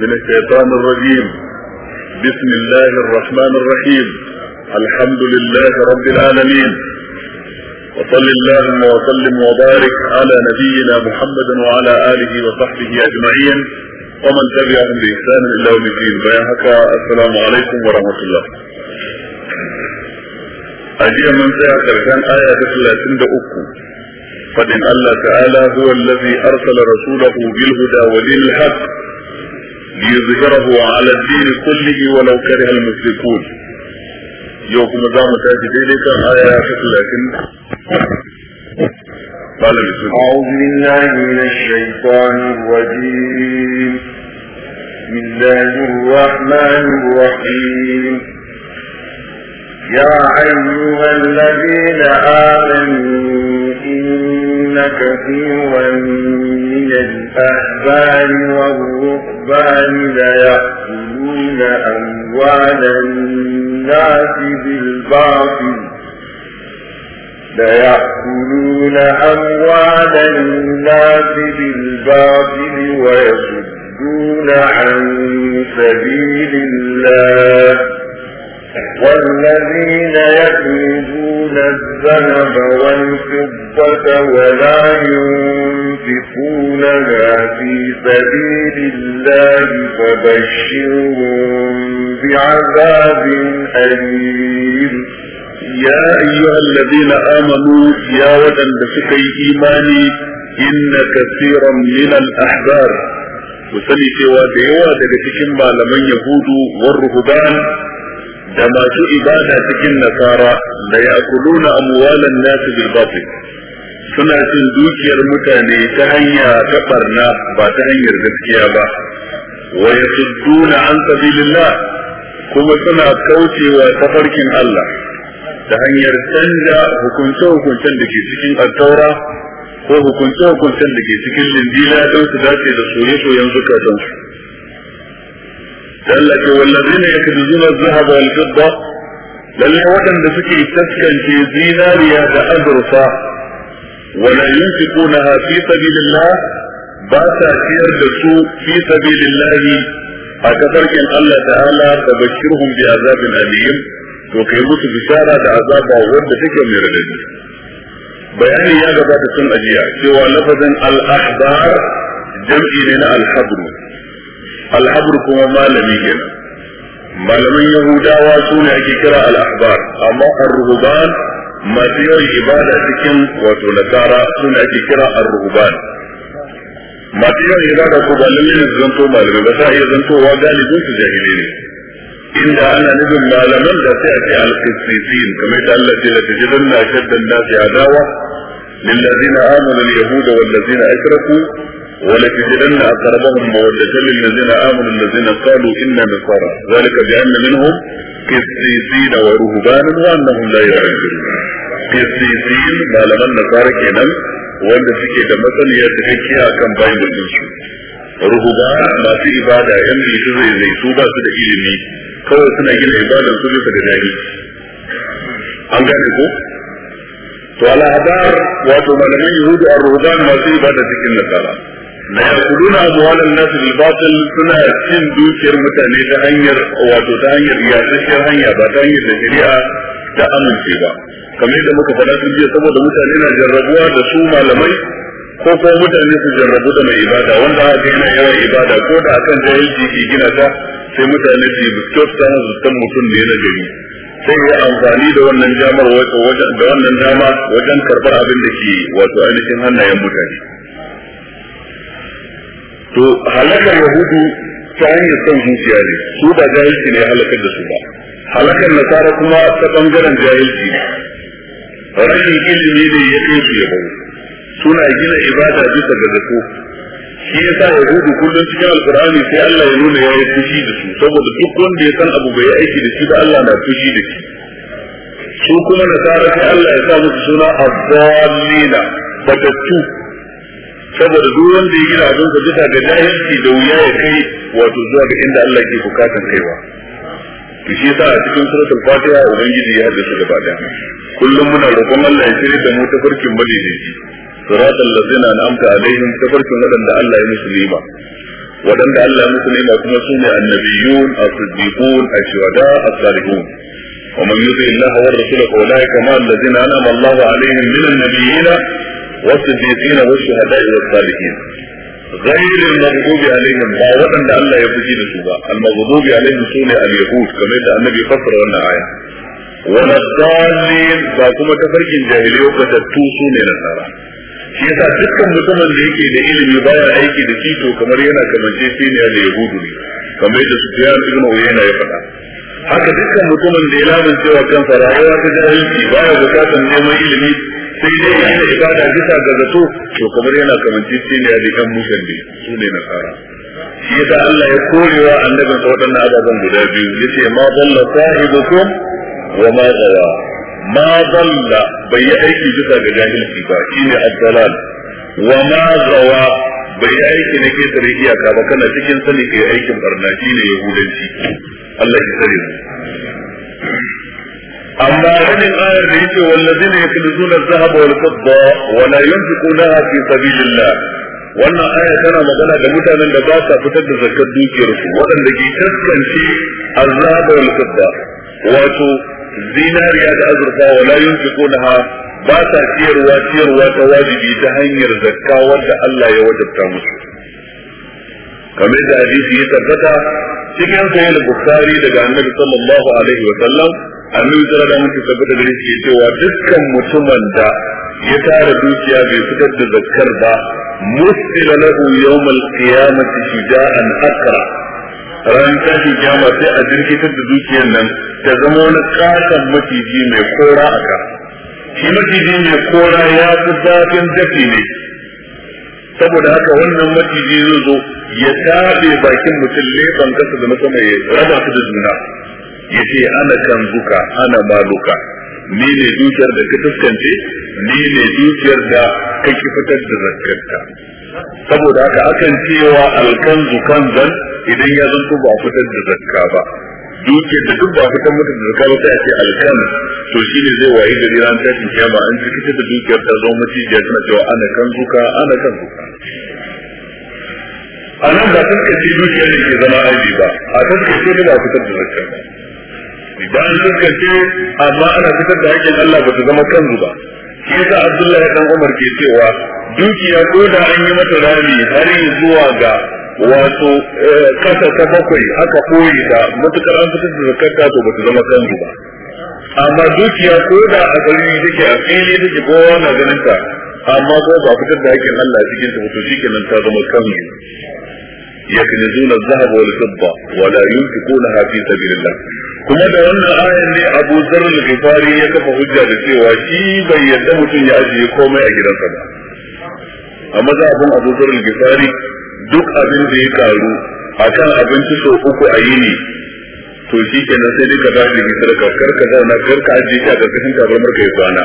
من الشيطان الرجيم بسم الله الرحمن الرحيم الحمد لله رب العالمين وصل اللهم وسلم وبارك على نبينا محمد وعلى اله وصحبه اجمعين ومن تبعهم باحسان الى يوم الدين بيانك السلام عليكم ورحمه الله أجيء من سيأتي كان آية 33 فإن الله تعالى هو الذي أرسل رسوله بالهدى ودين الحق ليظهره على الدين كله ولو كره المشركون يوكم دام تأتي ذلك آية لكن قال بسم أعوذ بالله من الشيطان الرجيم بسم الله الرحمن الرحيم يا أيها الذين آمنوا كثيرا من الأحبار والرهبان ليأكلون أموال الناس بالباطل ليأكلون أموال الناس بالباطل ويصدون عن سبيل الله والذين يكنزون الذهب والفضة ولا ينفقونها في سبيل الله فبشرهم بعذاب أليم يا أيها الذين آمنوا يا وطن بسكي إيماني إن كثيرا من الأحبار وسني سوى ديوة دقتكم ما لمن يهود والرهبان da masu ibada cikin nasara da ya kuluna amwalan nasu suna cin dukiyar mutane ta hanya ta barna ba ta hanyar gaskiya ba wa yasudduna an sabilillah kuma suna kaucewa tafarkin Allah ta hanyar canja hukunce-hukuncen da ke cikin Altaura ko hukunce-hukuncen da ke cikin lindila don su dace da soye-soyen zukatansu. lallake wallazina yakzuna dhahaba wal fidda lalle waɗanda suke taskance zinariya da azurfa wala yunfiqunaha fi sabilillah ba sa ciyar da su fi sabilillah a tafarkin Allah ta'ala da bashirhum bi azabin alim to kai musu bishara da azaba wanda take mai radadi bayani ya gabata sun ajiya cewa lafazin al-ahbar jam'i ne na al-habru alhabru kuma malami kenan malaman yahudawa su ne ake kira al-ahbar amma ar-ruhban masu yawan ibada cikin wato nasara su ne ake kira ar-ruhban masu yawan ibada ko ba lalle ne zanto malamai ba sa iya zantowa galibin su jahili ne inda ana nufin malaman da sai a ce al-qisisin kamar da Allah ce la tajidanna ashaddan nasi adawa lillazina amanu al-yahuda wal ladzina ashraku ولتجدن أقربهم مودة للذين آمنوا الذين قالوا إنا نصارى ذلك بأن منهم قسيسين ورهبانا وأنهم لا يعلمون قسيسين ما لم النصارى كنا wanda suke da matsaliyar da take a kan Bible din ruhuba masu ibada yan mutu zai zai su ba da ilimi kawai suna gina ibadar su bisa da dani an gane ko to ala hadar wato malaman yahudu ar-ruhban masu ibada cikin nasara la yakuluna amwalan nas suna cin dukiyar mutane ta hanyar wato ta hanyar hanya ba ta hanyar da shari'a ta amince ba kamar yadda muka faɗa tun jiya saboda mutane na jarrabuwa da su malamai ko ko mutane su jarrabu da mai ibada wanda aka ga yana yawan ibada ko da akan jahilci ke gina ta sai mutane su yi kyauta su mutum ne na gari sai ya amfani da wannan damar da wannan dama wajen karɓar abin da ke wato ainihin hannayen mutane to halakar yahudu ta hanyar son zuciya ne su ba jahilci ne halakar da su ba halakar nasara kuma ta bangaren jahilci ne rashin ilimi ne ya kai su yabo suna gina ibada bisa ga zato shi ya sa yahudu kullum cikin alkur'ani sai Allah ya nuna ya yi fushi da su saboda duk wanda ya san abu bai aiki da shi ba Allah na fushi da shi su kuma nasara sai Allah ya sa musu suna abdallina batattu saboda duk wanda ya gina abin sa bisa ga jahilci da wuya ya kai wato zuwa ga inda Allah ke bukatan kaiwa to shi yasa a cikin suratul fatiha ubangiji ya haddace gaba daya kullum muna roƙon Allah ya shirye da mu ta farkin madaidaici siratal ladzina an'amta alaihim ta farkin wadanda Allah ya musu ni'ima wadanda Allah ya musu ni'ima kuma sune annabiyun as-siddiqun ash-shuhada as-salihun ومن يطع الله ورسوله فاولئك مع الذين انعم الله عليهم من النبيين والصديقين والشهداء والصالحين غير المغضوب عليهم با ودن الله يفجي دسوبا المغضوب عليهم سوني اليهود كما يدى النبي فسر وانا آية ولا الضالين با كما تفرقين جاهلية وقتتو سوني نصارى shi yasa dukkan mutumin da yake da ilimi baya aiki da shi to kamar yana kamance shi ne da yahudu ne kamar yadda su fiya ibn uyayna ya faɗa haka dukkan mutumin da ya lamun cewa kansa rayuwa ta jahilci baya bukatar neman ilimi sai dai yana ibada bisa ga zato to kamar yana kamanci shi ne da kan musan ne su ne na tsara. shi yasa Allah ya korewa annabin sa waɗannan ababen guda biyu Ya ce ma dalla sahibukum wa ma dawa ma dalla bai yi aiki bisa ga jahilci ba Shi ne ad-dalal wa ma dawa bai yi aiki na ketare iyaka ba kana cikin sani kai aikin barna shi ne yahudanci Allah ya tsare mu amma wannan ayar da yake wallazina yakulzuna adh-dhahaba wal fidda wa la yunfiqunaha fi sabilillah wannan aya tana magana da mutanen da ba sa fitar da zakar dukiyarsu waɗanda ke kaskanci azaba wal fidda wato zinariya da azurfa wala yunfiqunaha ba sa ciyarwa ciyarwa ta wajibi ta hanyar zakka wanda Allah ya wajabta musu kamar da hadisi ya tabbata cikin sahih da bukhari daga annabi sallallahu alaihi wa sallam annabi sallallahu alaihi wa sallam tabbata da cewa dukkan mutumin da ya tara dukiya bai fitar da zakkar ba musila lahu yawmal qiyamati shija'an akra ran tashi ma sai a jirkitar da dukiyar nan ta zama wani kasan maciji mai kora a kasa shi maciji ne kora ya fi zafin dafi ne saboda haka wannan maciji zai zo ya taɓe bakin mutum leban kasa da na sama ya raba su da juna ya ce ana kan zuka ana maluka ni ne dukiyar da ka taskance ni ne dukiyar da ka ki fitar da zakarta saboda haka akan cewa zukan zan idan ya zanto ba a fitar da zakka ba duke da duk ba ka san mutum da kawo ta ce alkan to shi ne zai wayi gari ran tashin kiyama an ji kita da dukiyar ta zo mace ya tana cewa ana kan zuka ana kan zuka a nan ba san kace dukiyar da ke zama aibi ba a san kace da ba fitar da zakka ba idan san kace amma ana fitar da hakkin Allah ba ta zama kan ba shi yasa Abdullahi dan Umar ke cewa dukiya ko da an yi mata rami har zuwa ga wato eh, kasa ta bakwai aka koyi da matukar an fitar da zakarta to ba su zama kanzu ba amma dukiya ko da a gari ke a fili ke kowa na ganin ta amma ko ba fitar da hakin Allah cikin ta to nan ta zama kanzu zahab الذهب والفضة ولا ينفقونها في سبيل الله Kuma da wannan ayan ne Abu Zar al-Ghifari ya kafa hujja da cewa shi bai yadda mutum ya ajiye komai a gidansa ba amma za abun Abu Zar al-Ghifari duk abin da ya karu akan abinci so uku a yini to shi ke nan sai duka ka tashi da sadaka kar ka zauna kar ka ajiye shi a karkashin tabarmar kai kwana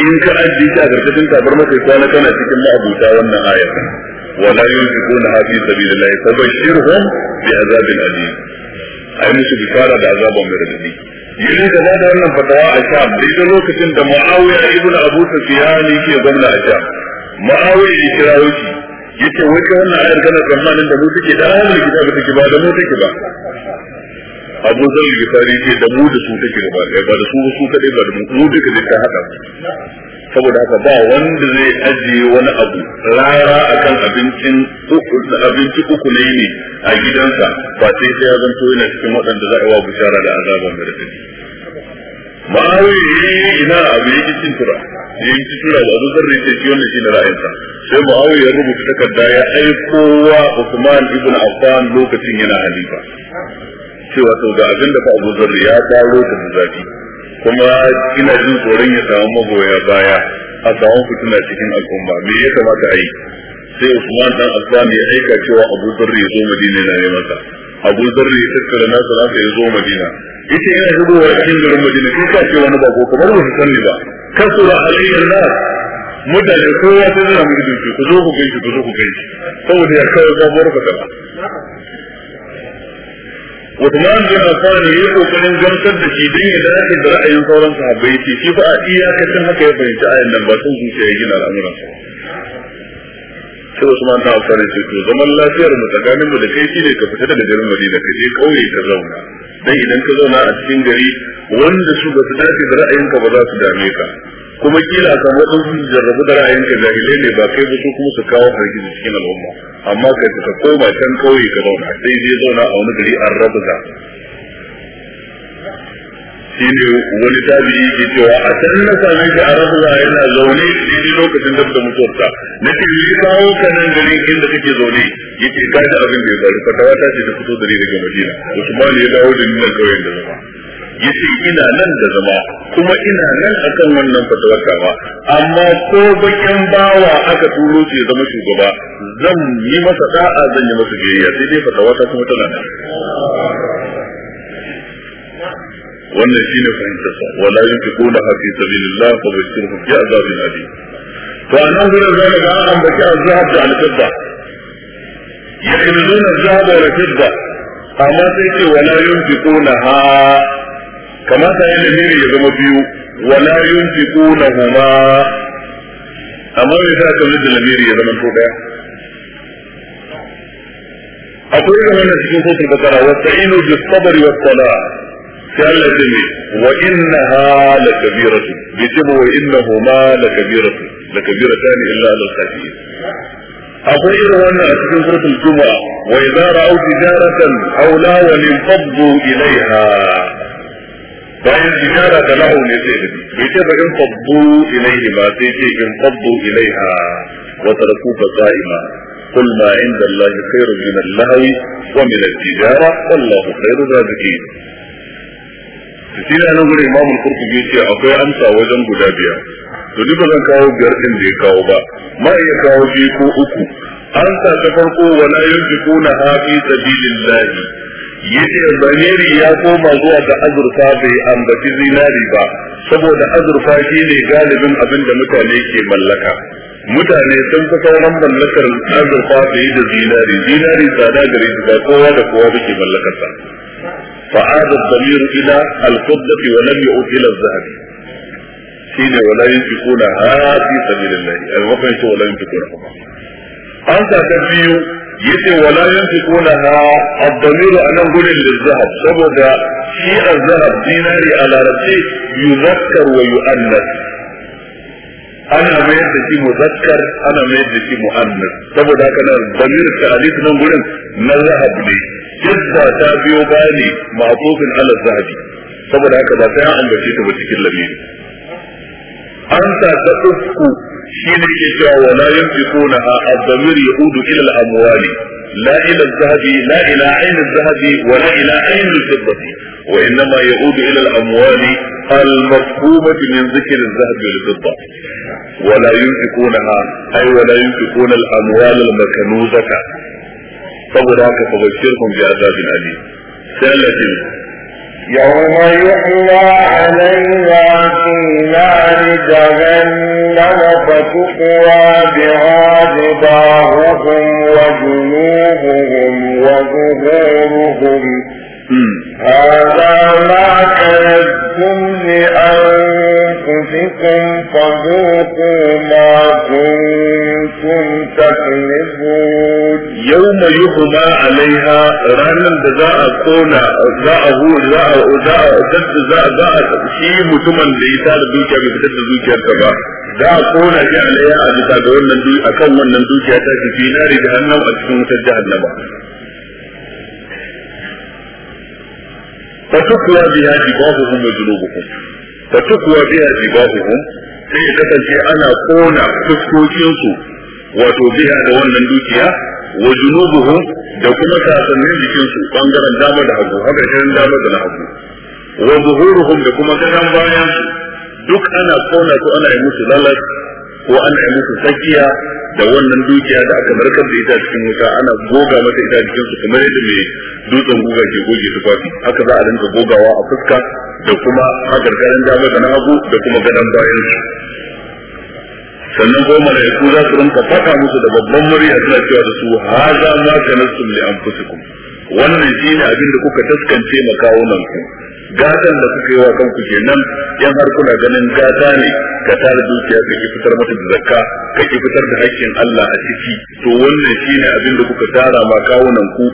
in ka ajiye shi a karkashin tabarmar kai kwana kana cikin ma'abuta wannan aya wala yunfiquna fi sabilillahi fabashshirhum bi'azabin alim ai musu bishara da azaban mai radadi yanzu da ba da wannan fatawa a sham daidai lokacin da muawiya ibnu abu sufyan yake gwamna a sha, muawiya ya kirawo yace wai kai wannan ayar kana zamanin da mu take da ahlul kitab take ba da mu take ba Abu Zar Gifari ce da mu da su take ba kai ba da su su kadai ba da mu mu duka ne ta hada saboda haka ba wanda zai ajiye wani abu rara akan abincin uku abinci uku ne ne a gidansa ba sai sai ya zanto yana cikin waɗanda za a wa bishara da azaban da take ma'awiyi ina abu yake cin tura yayin ci tura da abuzar da yake da shi na ra'ayinsa sai muawiya ya rubuta takarda ya aiko wa Usman ibn Affan lokacin yana halifa cewa to ga abin da fa abuzar ya dawo da zafi kuma ina jin tsoron ya samu magoya baya a samun fituna cikin al'umma me ya kamata a yi sai Usman ɗan Affan ya aika cewa Abu Dharr ya zo Madina neman sa abu zarri ya tattara nasa nasa ya zo madina ita yana wa cikin garin madina kai ka ce wani bako kamar ba su sani ba kasura alayyar nas mutane kowa ta zira mu ido ku zo ku gaishe ku zo ku gaishe saboda ya kawo sabuwar fasara Uthman bin Affan ya yi kokarin gamsar da shi dan ya dace da ra'ayin sauran sahabbai ce shi fa a iyakacin haka ya fahimci ayan nan ba sun zuciya ya gina al'amuran sa sai Usman ta amfani ce to zaman lafiyar mu tsakanin mu da kai shine ka fita daga garin Madina ka je kauye ka zauna dan idan ka zauna a cikin gari wanda su ba su dace da ra'ayinka ba za su dame ka kuma kila kan waɗansu jarrabu da ra'ayinka jahilai ne ba kai ba su kuma su kawo hargitsi cikin al'umma amma kai ka koma can kauye ka zauna sai dai zauna a wani gari an rabuza shine wani tabi ke cewa a can na sami shi a rabuwa yana zaune cikin lokacin da da mutuwarsa na ce yi kawo ka nan gari inda kake zaune ya ka ji abin da ya faru ka ta ce da fito da ni daga madina usman ya dawo da ni nan kauyen da zama ya ce ina nan da zama kuma ina nan akan wannan fatawar ba, amma ko bakin bawa aka turo ce zama shugaba zan yi masa da'a zan yi masa biyayya sai dai fatawata ta kuma tana wannan shi ne fahimtar sa wala yunfiquna fi sabilillah fa bashirhum bi azabin alim to a anan gurin zaka ga an baki azab da al-fidda yaknizuna azab da al-fidda amma sai ce wala yunfiquna ha kamata yana miri ya zama biyu wala yunfiquna huma amma me yasa ka da lamiri ya zama to daya akwai da wannan cikin sautin bakara wa ta'inu bis sabri was قال لي وإنها لكبيرة وانه وإنهما لكبيرة لكبيرتان إلا على الخاشعين أقول وأنا أتكلم سورة الجمعة وإذا رأوا تجارة أو لا ولانفضوا إليها bayan تجاره da lahu ne انفضوا اليه ما تيجي انفضوا اليها وتركوك ilaihi قل ما عند الله خير من اللهو ومن التجارة والله خير الرازقين shi ne nan gure imamul akwai amsa wajen guda biyar to duka zan kawo biyar din da ya kawo ba ma iya kawo biyu ko uku an sa ta farko wala yunfiquna hafi fi sabilillah yace zamiri ya koma zuwa ga azurfa bai ambaci zinari ba saboda azurfa shi ne galibin abin da mutane ke mallaka mutane sun fi sauran mallakar azurfa bai da zinari zinari tsada gare su ba kowa da kowa da ke mallakarsa فعاد الضمير إلى الفضة ولم يعد إلى الذهب شين ولا ينفقونها في سبيل الله المقصد ولا ينفقونها أنت تبيو yace wala yanfiquna ad-damir anan gurin lizahab saboda shi a zahab dinari a larabci yuzakkar wa yu'annas ana mayar da shi muzakkar ana mayar da shi mu'annas saboda haka nan damir ta'alif nan gudun na zahab ne jadda ta biyo baya ne ma'tufin ala zahabi saboda haka ba sai an ambace ta ba cikin lamiri an ta ta uku shi ne ke cewa wala yamtikuna ha ad-damir yaudu ila al-amwali لا إلى الذهب لا إلى عين الذهب ولا إلى عين الفضة وإنما يعود إلى الأموال المفهومة من ذكر الذهب والفضة ولا ينفقونها أي ولا ينفقون الأموال المكنوزة saboda haka fa bashirhum bi azabin alim sallatin يوم يحلى عليها في نار جهنم فتقوى بها جباههم وجنوبهم وظهورهم هذا ما كنتم لأنفسكم فذوقوا ما كنتم تكذبون يوم يهما عليها رانا da za a kona za a hu za a za a za a shi mutumin da ya tara dukiya bai fitar da dukiyarsa ba za a kona shi alaiya a bisa ga wannan akan wannan dukiya ta fi nari jahannam a cikin wutar jahannama فتكوى بها جباههم وجنوبهم فتكوى بها جباههم sai ya kasance ana kona fuskokinsu wato biya da wannan dukiya wa junubuhum da kuma sasannin jikinsu bangaren dama da hagu haka shirin dama da hagu wa zuhuruhum da kuma gadon bayansu duk ana kona su ana yi musu lalaci ko ana yi musu tsakiya da wannan dukiya da aka markar da ita cikin wuta ana goga mata ita cikin su kamar yadda mai dutsen guga ke goge su kwafi haka za a rinka gogawa a fuska da kuma a gargarin dama da nagu da kuma gadon bayan su sannan ko malaiku za su rinka faɗa musu da babban murya suna cewa da su haza ma kanastum mai anfusikum wannan shine abin da kuka taskance makawunan ku gatan da kuka yi wa kanku kenan yan har kuna ganin gata ne ka tara dukiya ka ki fitar mata da zakka ka ki fitar da haƙƙin Allah a ciki to wannan shine abin da kuka tara ma kawunan ku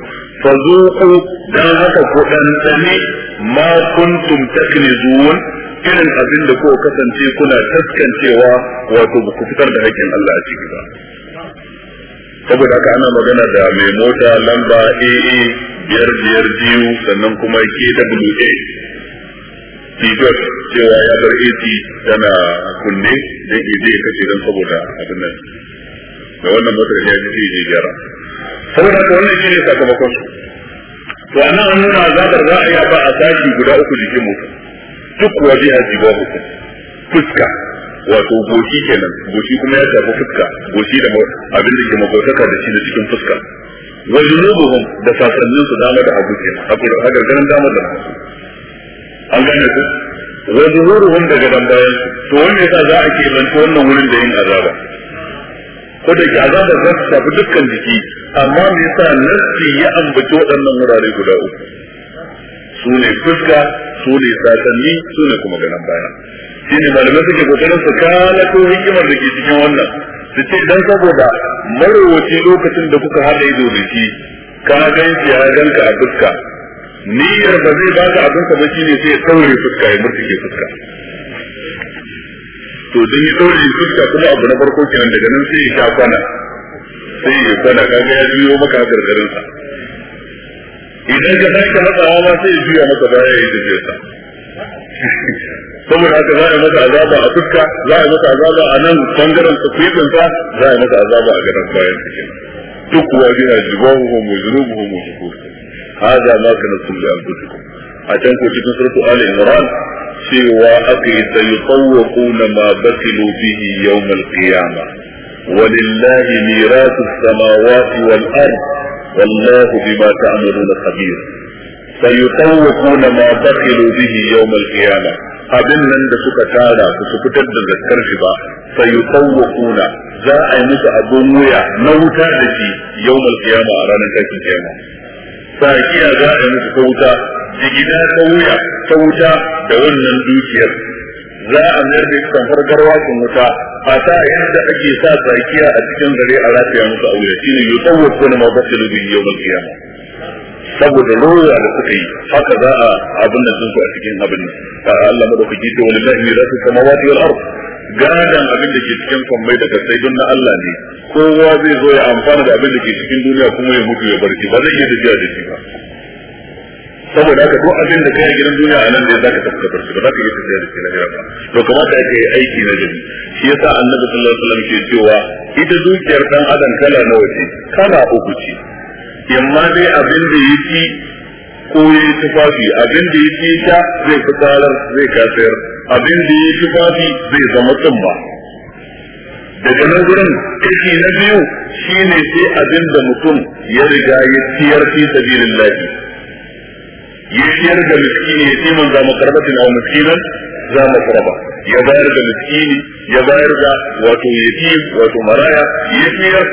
fazuku dan haka ko dan tsane ma kuntum taknizun irin abin da kuka kasance kuna taskancewa wato ku fitar da haƙƙin Allah a ciki ba saboda haka ana magana da mai mota lamba AA biyar biyar biyu sannan kuma KWA tijot cewa ya bar eti tana kunne don ije ya kace don saboda abin nan da wannan motar ya ji je gyara saboda haka wannan shi ne sakamakon su to a nan nuna zaɓar za a yi ba a tashi guda uku jikin mutum duk waje a jiba uku. fuska wato goshi kenan goshi kuma ya shafi fuska goshi da abin da ke makotaka da shi da cikin fuska wajen nubuhun da sasanninsu dama da a kenan hagar ganin dama da hagu an gane ku wa zuhuruhum daga dan bayan to wanda yasa za a ke lantu wannan wurin da yin azaba ko da ke azaba za ta shafi dukkan jiki amma me yasa nassi ya ambaci waɗannan wurare guda uku su ne fuska su ne sasanni su ne kuma ganin baya shi ne malamai suke kokarin su kalato hikimar da ke cikin wannan su ce dan saboda marowaci lokacin da kuka haɗa ido da shi ka gan shi ya ganka a fuska niyyar ba zai ba da abin ka ba shine sai ya daure fuska ya murtuke fuska to dan ya daure fuska kuma abu na farko kenan daga nan sai ya sha kwana sai ya kwana kaga ya biyo maka gargarin sa idan ka ka matsawa ma sai ya biya maka baya ya tafiya sa saboda haka za a maka azaba a fuska za a maka azaba a nan bangaren tafiyar sa za a maka azaba a garin bayan su kenan duk wa biya jibahu homo zunubu mu shukur هذا ما كان كل أنفسكم عشان كنت سورة آل عمران سوى أكيد سيطوقون ما بخلوا به يوم القيامة ولله ميراث السماوات والأرض والله بما تعملون خبير سيطوقون ما بخلوا به يوم القيامة abin nan da suka tara su su fitar da zakar shi ba sai يوم القيامة a yi القيامة sakiya za a yi musu ta wuta jigida ta wuya ta wuta da wannan dukiyar za a mayar da su kamfar garwakin wuta a sa yadda ake sa tsakiya a cikin gare a rataya musu aure shi ne yi tsawo ko na mabashi da biyu yau gaskiya saboda roya da suka yi haka za a abin da sun a cikin abin A Allah madaukaki to wani lahi ne za su samawati wal ard gadan abin da ke cikin kwambai da kasai don na Allah ne kowa zai zo ya amfana da abin da ke cikin duniya kuma ya mutu ya barci ba zai iya tafiya da shi ba saboda haka duk abin da kai gidan duniya a nan ne zaka tafi ka barci ba zaka iya tafiya da shi na jira ba to kamata yake aiki na gari shi yasa annabi sallallahu alaihi wasallam ke cewa ita dukiyar dan adam kala nawa ce kala uku ce yamma dai abin da yake ko yi tufafi abin da ya fi sha zai fitarar zai kasayar abin da ya yi tufafi zai zama tsumma daga nan gurin kashi na biyu ne sai abin da mutum ya riga ya ciyar fi sabilillah ya ciyar da miskini ya ce man zama karbatin aw miskinan za mu karba ya bayar da miskini ya bayar da wato yatim wato maraya ya ciyar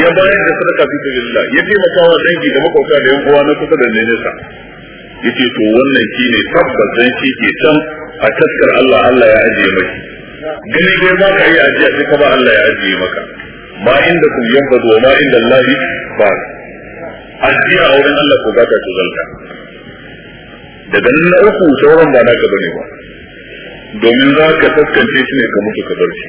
ya bayar da sadaka fi sabilillah ya taimaka wa dangi da makwabta da yan uwa na kusa da nesa yace to wannan shine tabbas shi ke can a taskar Allah Allah ya ajiye mai. gani dai ba ka yi ajiya sai ka ba Allah ya ajiye maka ma inda kun yanfadu zuwa ma inda Allah ba ajiya a wurin Allah ko ba ta tuzalta daga nan na uku sauran ba ka bane ba domin za ka taskance shi ne ka mutu ka bar shi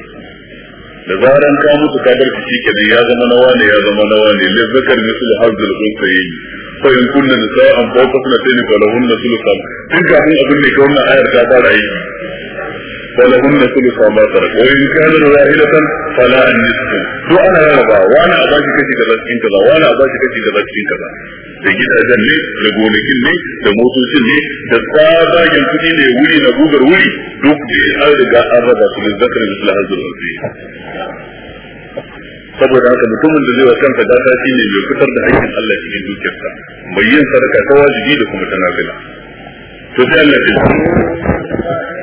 da zaran ka mutu ka bar shi ke ya zama na ne? ya zama na wane le zakar ne da hazul unsayi fa in kunna nisa'an fawqa kunna ka lahun na sulukam tun kafin abin ne ka wannan ayar ta fara yi فلهن ثلث ما ترك وإن كان واحدة فلا النصف to ana yaraba wani a baki kashi kaza cikin kaza wani a baki kashi kaza cikin kaza da gidajen ne da gonakin ne da motocin ne da tsabagen kuɗi ne wuri na gugar wuri duk da an riga an raba da saboda haka mutumin da zai wa kansa gata shi mai fitar da haƙƙin Allah cikin dukiyarsa mai yin sadaka ta wajibi da kuma ta nafila to sai Allah ya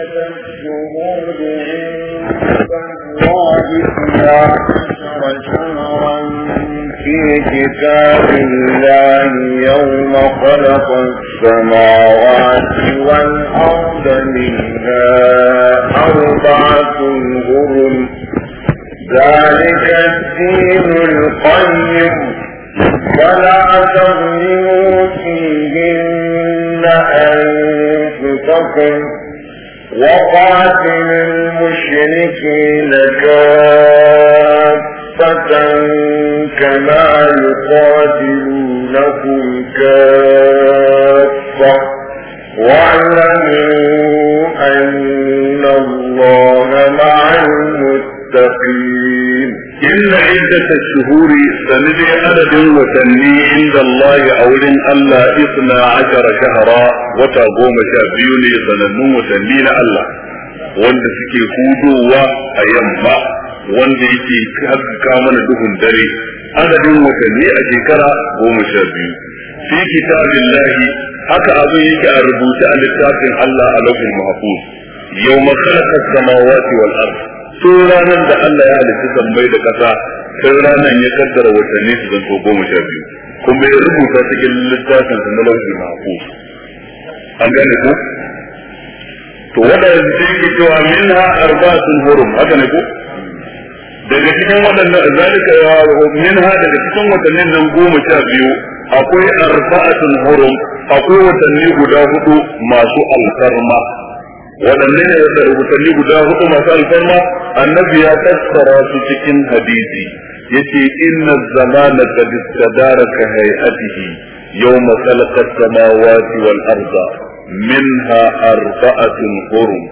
الشهود عند الله اثنا عشر شهرا في كتاب الله يوم خلق السماوات والأرض منها أربعة هرم ذلك الدين القيم ولا تظلموا فيهن أنفسكم وقاتل المشركين كافة كما يقاتلونكم كافة واعلموا أن الله مع المتقين إن عدة الشهور فنبي عدد وتنمي عند الله أول ألا إثنى عشر شهرا وتقوم شابيوني ظننوا وتنمي الله وانت سكي خودوا وأيما وانت سكي كهب كامل دهن داري عدد وتنمي أجيكرا قوم شابيوني في كتاب الله حكى أبيك أربوت أن التاكن الله ألوه المحفوظ يوم خلق السماوات والأرض tun ranar da Allah ya halitta tambayi da kasa tun ranar ya kaddara watanni su zanto goma sha biyu kuma ya rubuta cikin littafin su na na ku an gane ku to waɗanda su yake cewa minha arba'atun hurum haka ne ku daga cikin waɗannan zalika ya minha daga cikin watannin nan goma sha biyu akwai arba'atun hurum akwai watanni guda hudu masu alfarma waɗanne ne wanda rubutanni guda hudu masu alfarma annabi ya fassara su cikin hadisi yace inna zamana qad istadara ka hayatihi yawma khalaqa samawati wal arda minha arba'atun hurum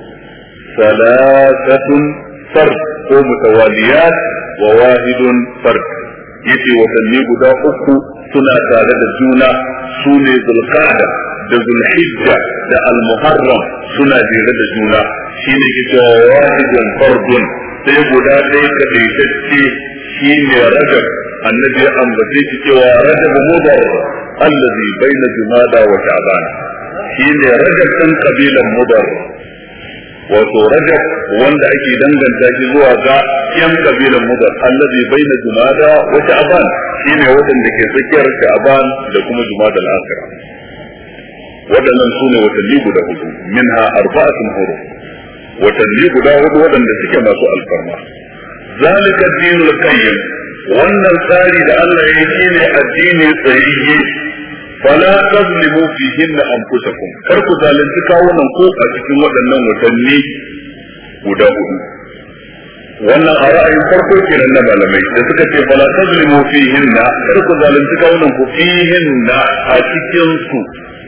thalathatun فرد ومتواليات وواحد فرد yace watanni guda uku suna tare da juna su ne zulqa'da da zulhijja da almuharram suna jere da juna shine ke cewa wahidun fardun sai guda ɗaya ka daitacce shine rajab annabi ya ambace shi cewa rajab mudar allazi baina jumada wa sha'ban shine rajab ɗan kabilan mudar wato rajab wanda ake danganta shi zuwa ga yan kabilan mudar allazi baina jumada wa sha'ban shine wadanda ke tsakiyar sha'ban da kuma jumada al-akhirah wadannan sune watanni guda hudu minha arba'atun hurum watanni guda hudu wadanda suke masu alfarma zalika dinul qayyim wannan tsari da Allah ya yi shine addini tsayyiye fala tazlimu fihinna anfusakum kar ku zalunci kawunan ku a cikin waɗannan watanni guda hudu wannan a ra'ayin farko kenan na malamai da suka ce fala tazlimu fihinna kar ku zalunci kawunan ku fihinna a cikin su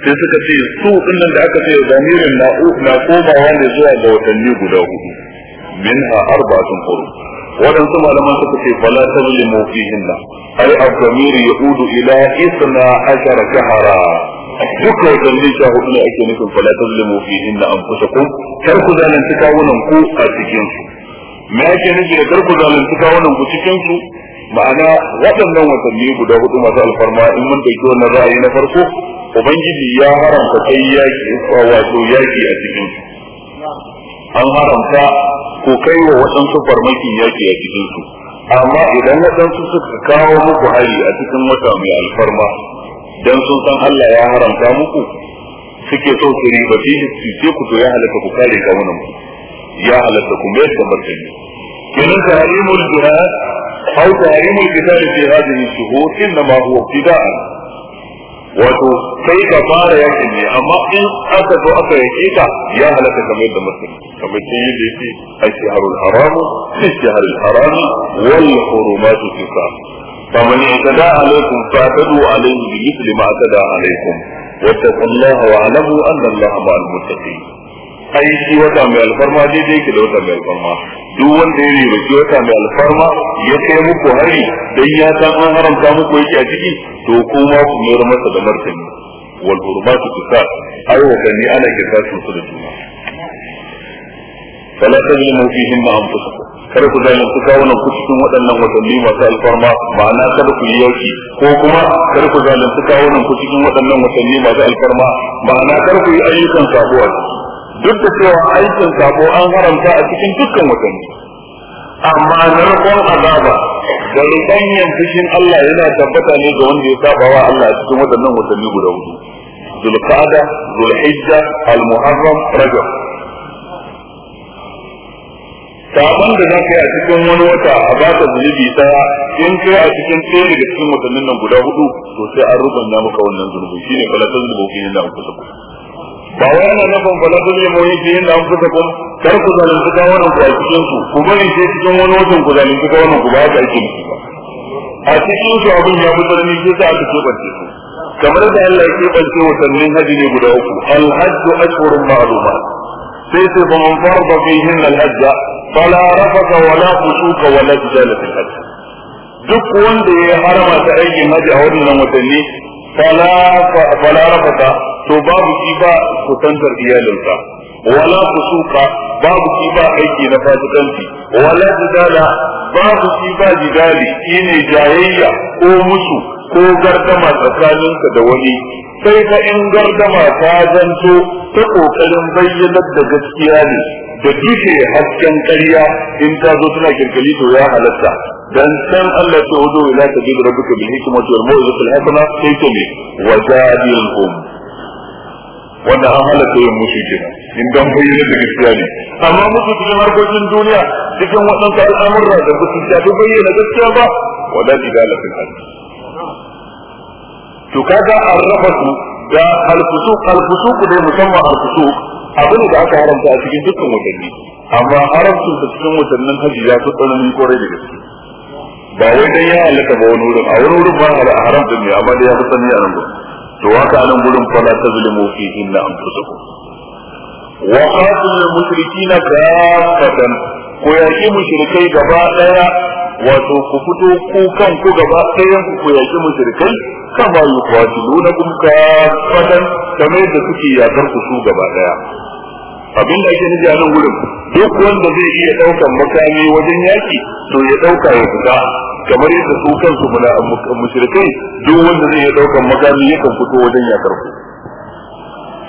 sai suka ce su dinnan da aka ce zamirin na komawa ne zuwa ga watanni guda hudu minha arba'atun furuq waɗansu malaman suka ce fala tazlimu fihinna ai abdamir yaudu ila isna ashara shahara duka watanni sha hudu ne ake nufin fala an fihinna anfusakum kar ku zalunci kawunan ku a cikin su me ake nufi da kar ku zalunci kawunan ku cikin su ma'ana waɗannan watanni guda hudu masu alfarma in mun ɗauki wannan ra'ayi na farko ubangiji ya haramta kai yaki wato yaki a cikin su an haramta ko kai wa waɗansu farmaki yaki a cikin su amma idan waɗansu suka kawo muku hari a cikin wata mai alfarma dan sun san Allah ya haramta muku suke so su riba fi su ku to ya halaka ku kare ka wannan mu ya halaka ku mai da martani kenan tahrimul jihad أو تحريم القتال في هذه shuhur inma huwa ابتداء wato sai ka fara yakin ne amma in aka zo aka yake ka ya halaka kamar yadda musulmi kamar yi yadda yake asharul haram fi shahril haram wal hurumatu fa man alaikum fa tadu عليكم bi mithli ma ما alaikum wa واتقوا wa واعلموا anna allaha ma'al muttaqin ai shi wata mai alfarma daidai ki da wata mai alfarma duk wanda ya riba shi wata mai alfarma ya kai muku hari dan ya san an haramta muku yake a ciki to kuma ku mayar masa da martani wal hurmatu kisas ai ni ana kisasun su da juna fala tazlimu fihim ma anfusakum kada ku da ku kawo nan ku cikin waɗannan watanni masu alfarma ma'ana kada ku yi yauki ko kuma kada ku da ku kawo nan ku cikin waɗannan watanni masu alfarma ma'ana kada ku yi ayyukan sabuwa duk da cewa aikin sabo an haramta a cikin dukkan watanni amma na rakon azaba da rubanyan fushin Allah yana tabbata ne ga wanda ya saba wa Allah a cikin waɗannan watanni guda hudu zulqa'ada zulhijja almuharram rajab sabon da zaka yi a cikin wani wata a baka zunubi ta in kai a cikin tsere da cikin watannin nan guda hudu to sai an rubanta maka wannan zunubi shine falatar zunubi ne da kusa kusa ba wai ana nufin fa lakum yamu yake yin da an kusa kar ku zalunci ka wannan ku a cikin ku ku bari sai cikin wani wajen ku zalunci ka wannan ku ba ka ake ba a cikin su abin ya fi tsanani sai sa aka kebance su kamar da Allah ya kebance watannin hajji ne guda uku alhajju ashhurun ma'aluma. sai sai fa man farda fihin alhajja fala rafaka wala fusuka wala jidala fil hajj duk wanda ya harama ta aikin haji a wannan watanni fala fala rafaka to babu shi ba kusantar iyalinsa wala kusuka babu shi ba aiki na fasikanci wala jidala babu shi ba jidali shine jayayya ko musu ko gardama tsakaninka da wani sai fa in gardama ta zanto ta kokarin bayyanar da gaskiya ne da duke hasken ƙarya in ta zo tana kirkali to ya halatta dan san Allah ta wudu ila ta bi rabbika bil hikmati wal mawzati al hasana sai to ne wajadilhum wanda an halatta yin musu ke in don bayyana da gaskiya ne amma musu cikin harkokin duniya cikin waɗansu al'amurra da ba su shafi bayyana gaskiya ba wala jidala fil hajj to kaga arrafatu da alfusuq ku dai musamman alfusuq abin da aka haramta a cikin dukkan watanni amma haramcin da cikin watannin hajji ya fi tsananin kore da gaske ba wai dai ya halatta ba wani wurin a wani wurin ba a haramta ne amma dai ya fi tsanani a nan gurin to haka nan gurin fala ta zulmu fi inna anfusakum wa qatilul mushrikeena kaffatan ko yaki mushrikai gaba daya wato ku fito ku kan ku gaba ɗayan ku yaki mushrikai kama yuqatilunakum kaffatan kamar da suke yakar ku su gaba daya abin da ake nufi a nan gurin duk wanda zai iya daukan makami wajen yaki to ya dauka ya fita kamar yadda su kansu mushrikai duk wanda zai ya daukan makami yakan fito wajen ya karfu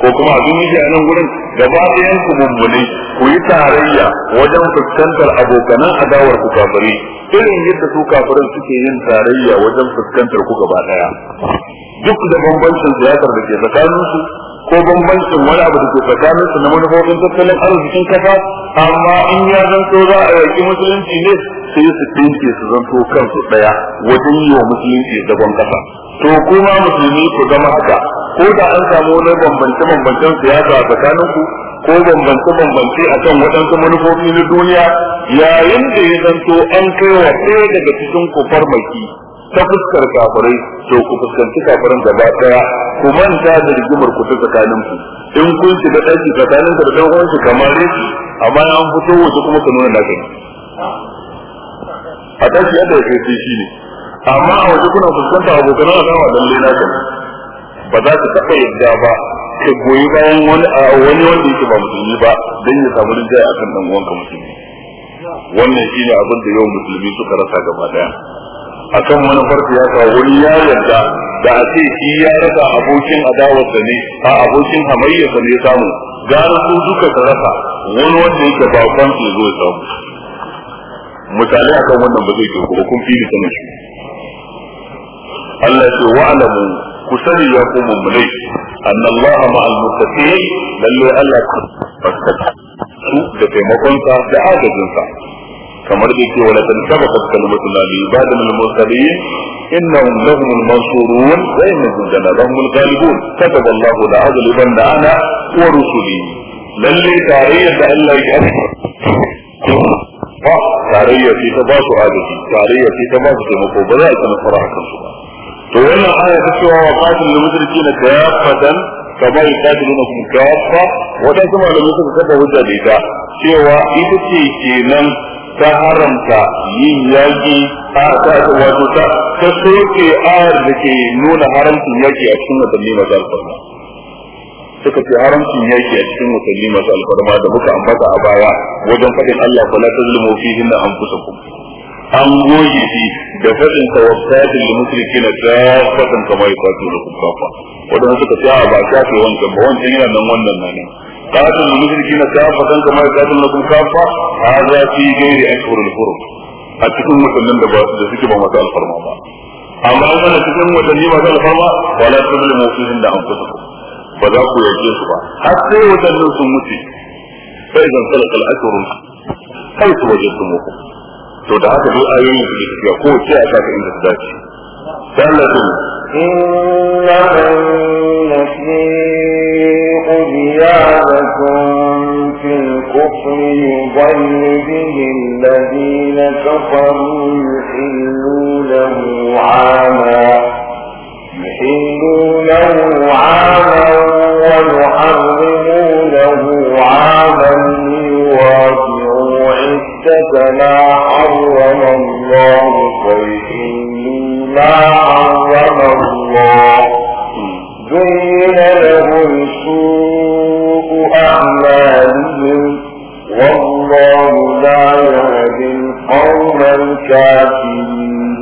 ko kuma abin yi a nan gurin gaba ɗayan ku mummune ku yi tarayya wajen fuskantar abokanan adawar ku kafiri irin yadda su kafirin suke yin tarayya wajen fuskantar ku gaba ɗaya duk da bambancin siyasar da ke tsakaninsu ko bambancin wani abu da ke tsakanin su na manufofin tattalin arzikin kasa amma in ya zanto za a yaki musulunci ne sai su tinke su zanto kansu daya wajen yi wa musulunci zagon kasa to kuma musulmi ku zama haka ko da an samu wani bambance bambancen siyasa a tsakanin ku ko bambance bambance a kan waɗansu manufofi na duniya yayin da ya zanto an kai wa ɗaya daga cikin ku farmaki ta fuskar kafirai to ku fuskanci kafirin gaba daya ku manta da rigimar ku ta tsakanin ku in kun shiga daki tsakanin ka da dan uwan shi kamar yake amma an fito waje kuma ka nuna naka a tashi yadda ya kai shi ne amma a waje kuna fuskanta abokan a kan wadan dai naka ba za ka taɓa yadda ba ka goyi bayan wani wani wanda yake ba musulmi ba dan ya samu rinjaye akan dan uwanka musulmi wannan shine abin da yau musulmi suka rasa gaba daya akan ya siyasa wani ya yarda da a ce shi ya rasa abokin adawarsa ne a abokin hamayyarsa ne samu gara su duka ta rasa wani wanda yake bakon su zo ya samu misalai akan wannan ba zai ke ku kun fili sanin shi Allah ce wa'alamu ku sani ya ku mummunai أن الله مع المتقين للي ألا تفتح سوء ده في da ده عادة kamar da ke wala kan sabaqat kalimatu la bi ibadan al mursalin innahum lahum al mansurun wa inna jundana lahum al ghalibun kataba Allah la azliban ana wa rusuli lalle tarayyar da Allah ya ba tarayya ce ta ba su adalci tarayya ce ta ba su taimako ba za a kana fara akan su ba to wannan aya ta cewa wa qatil lil mushrikeena kafatan kamar yuqatiluna kum kafa wadan kuma malamai suka kada hujja da ita cewa ita ce kenan ta haramta yin yaƙi a ta wato ta ta soke ayar da ke nuna haramcin yaƙi a cikin watanni masu alfarma suka ce haramcin yaƙi a cikin watanni masu alfarma da muka ambata a baya wajen faɗin Allah fala tazlimu fihi na an kusa kuma. an goge shi da faɗin tawassatin da musulki na kafatan kamar ya kwato da kuka fa wadanda suka ce a ba shafe wancan ba wancan yana nan wannan na ne قاتل المشركين كافة كما يقاتل لكم كافة هذا في غير أشهر الحرم أتكون مسلم لذلك بما تعالى الحرم أما أنا أتكون مسلم لما تعالى الحرم ولا تقبل الموصيين لا أنفسكم فذاكوا يا جيسوا حتى يتنوكم مسي فإذا انطلق الأشهر حيث وجدتموكم تدعى في الآيين في الإسلام يقول شيء أشاك إن الزاكي فألا تنوكم إنهم يسيء زيادة في الكفر يضل به الذين كفروا يحلونه عاما يحلونه عاما ويحرمونه عاما ليوافعوا عدة ما حرم الله فيحلوا ما حرم الله زين لهم سوء أعمالهم والله لا يهدي القوم الكافرين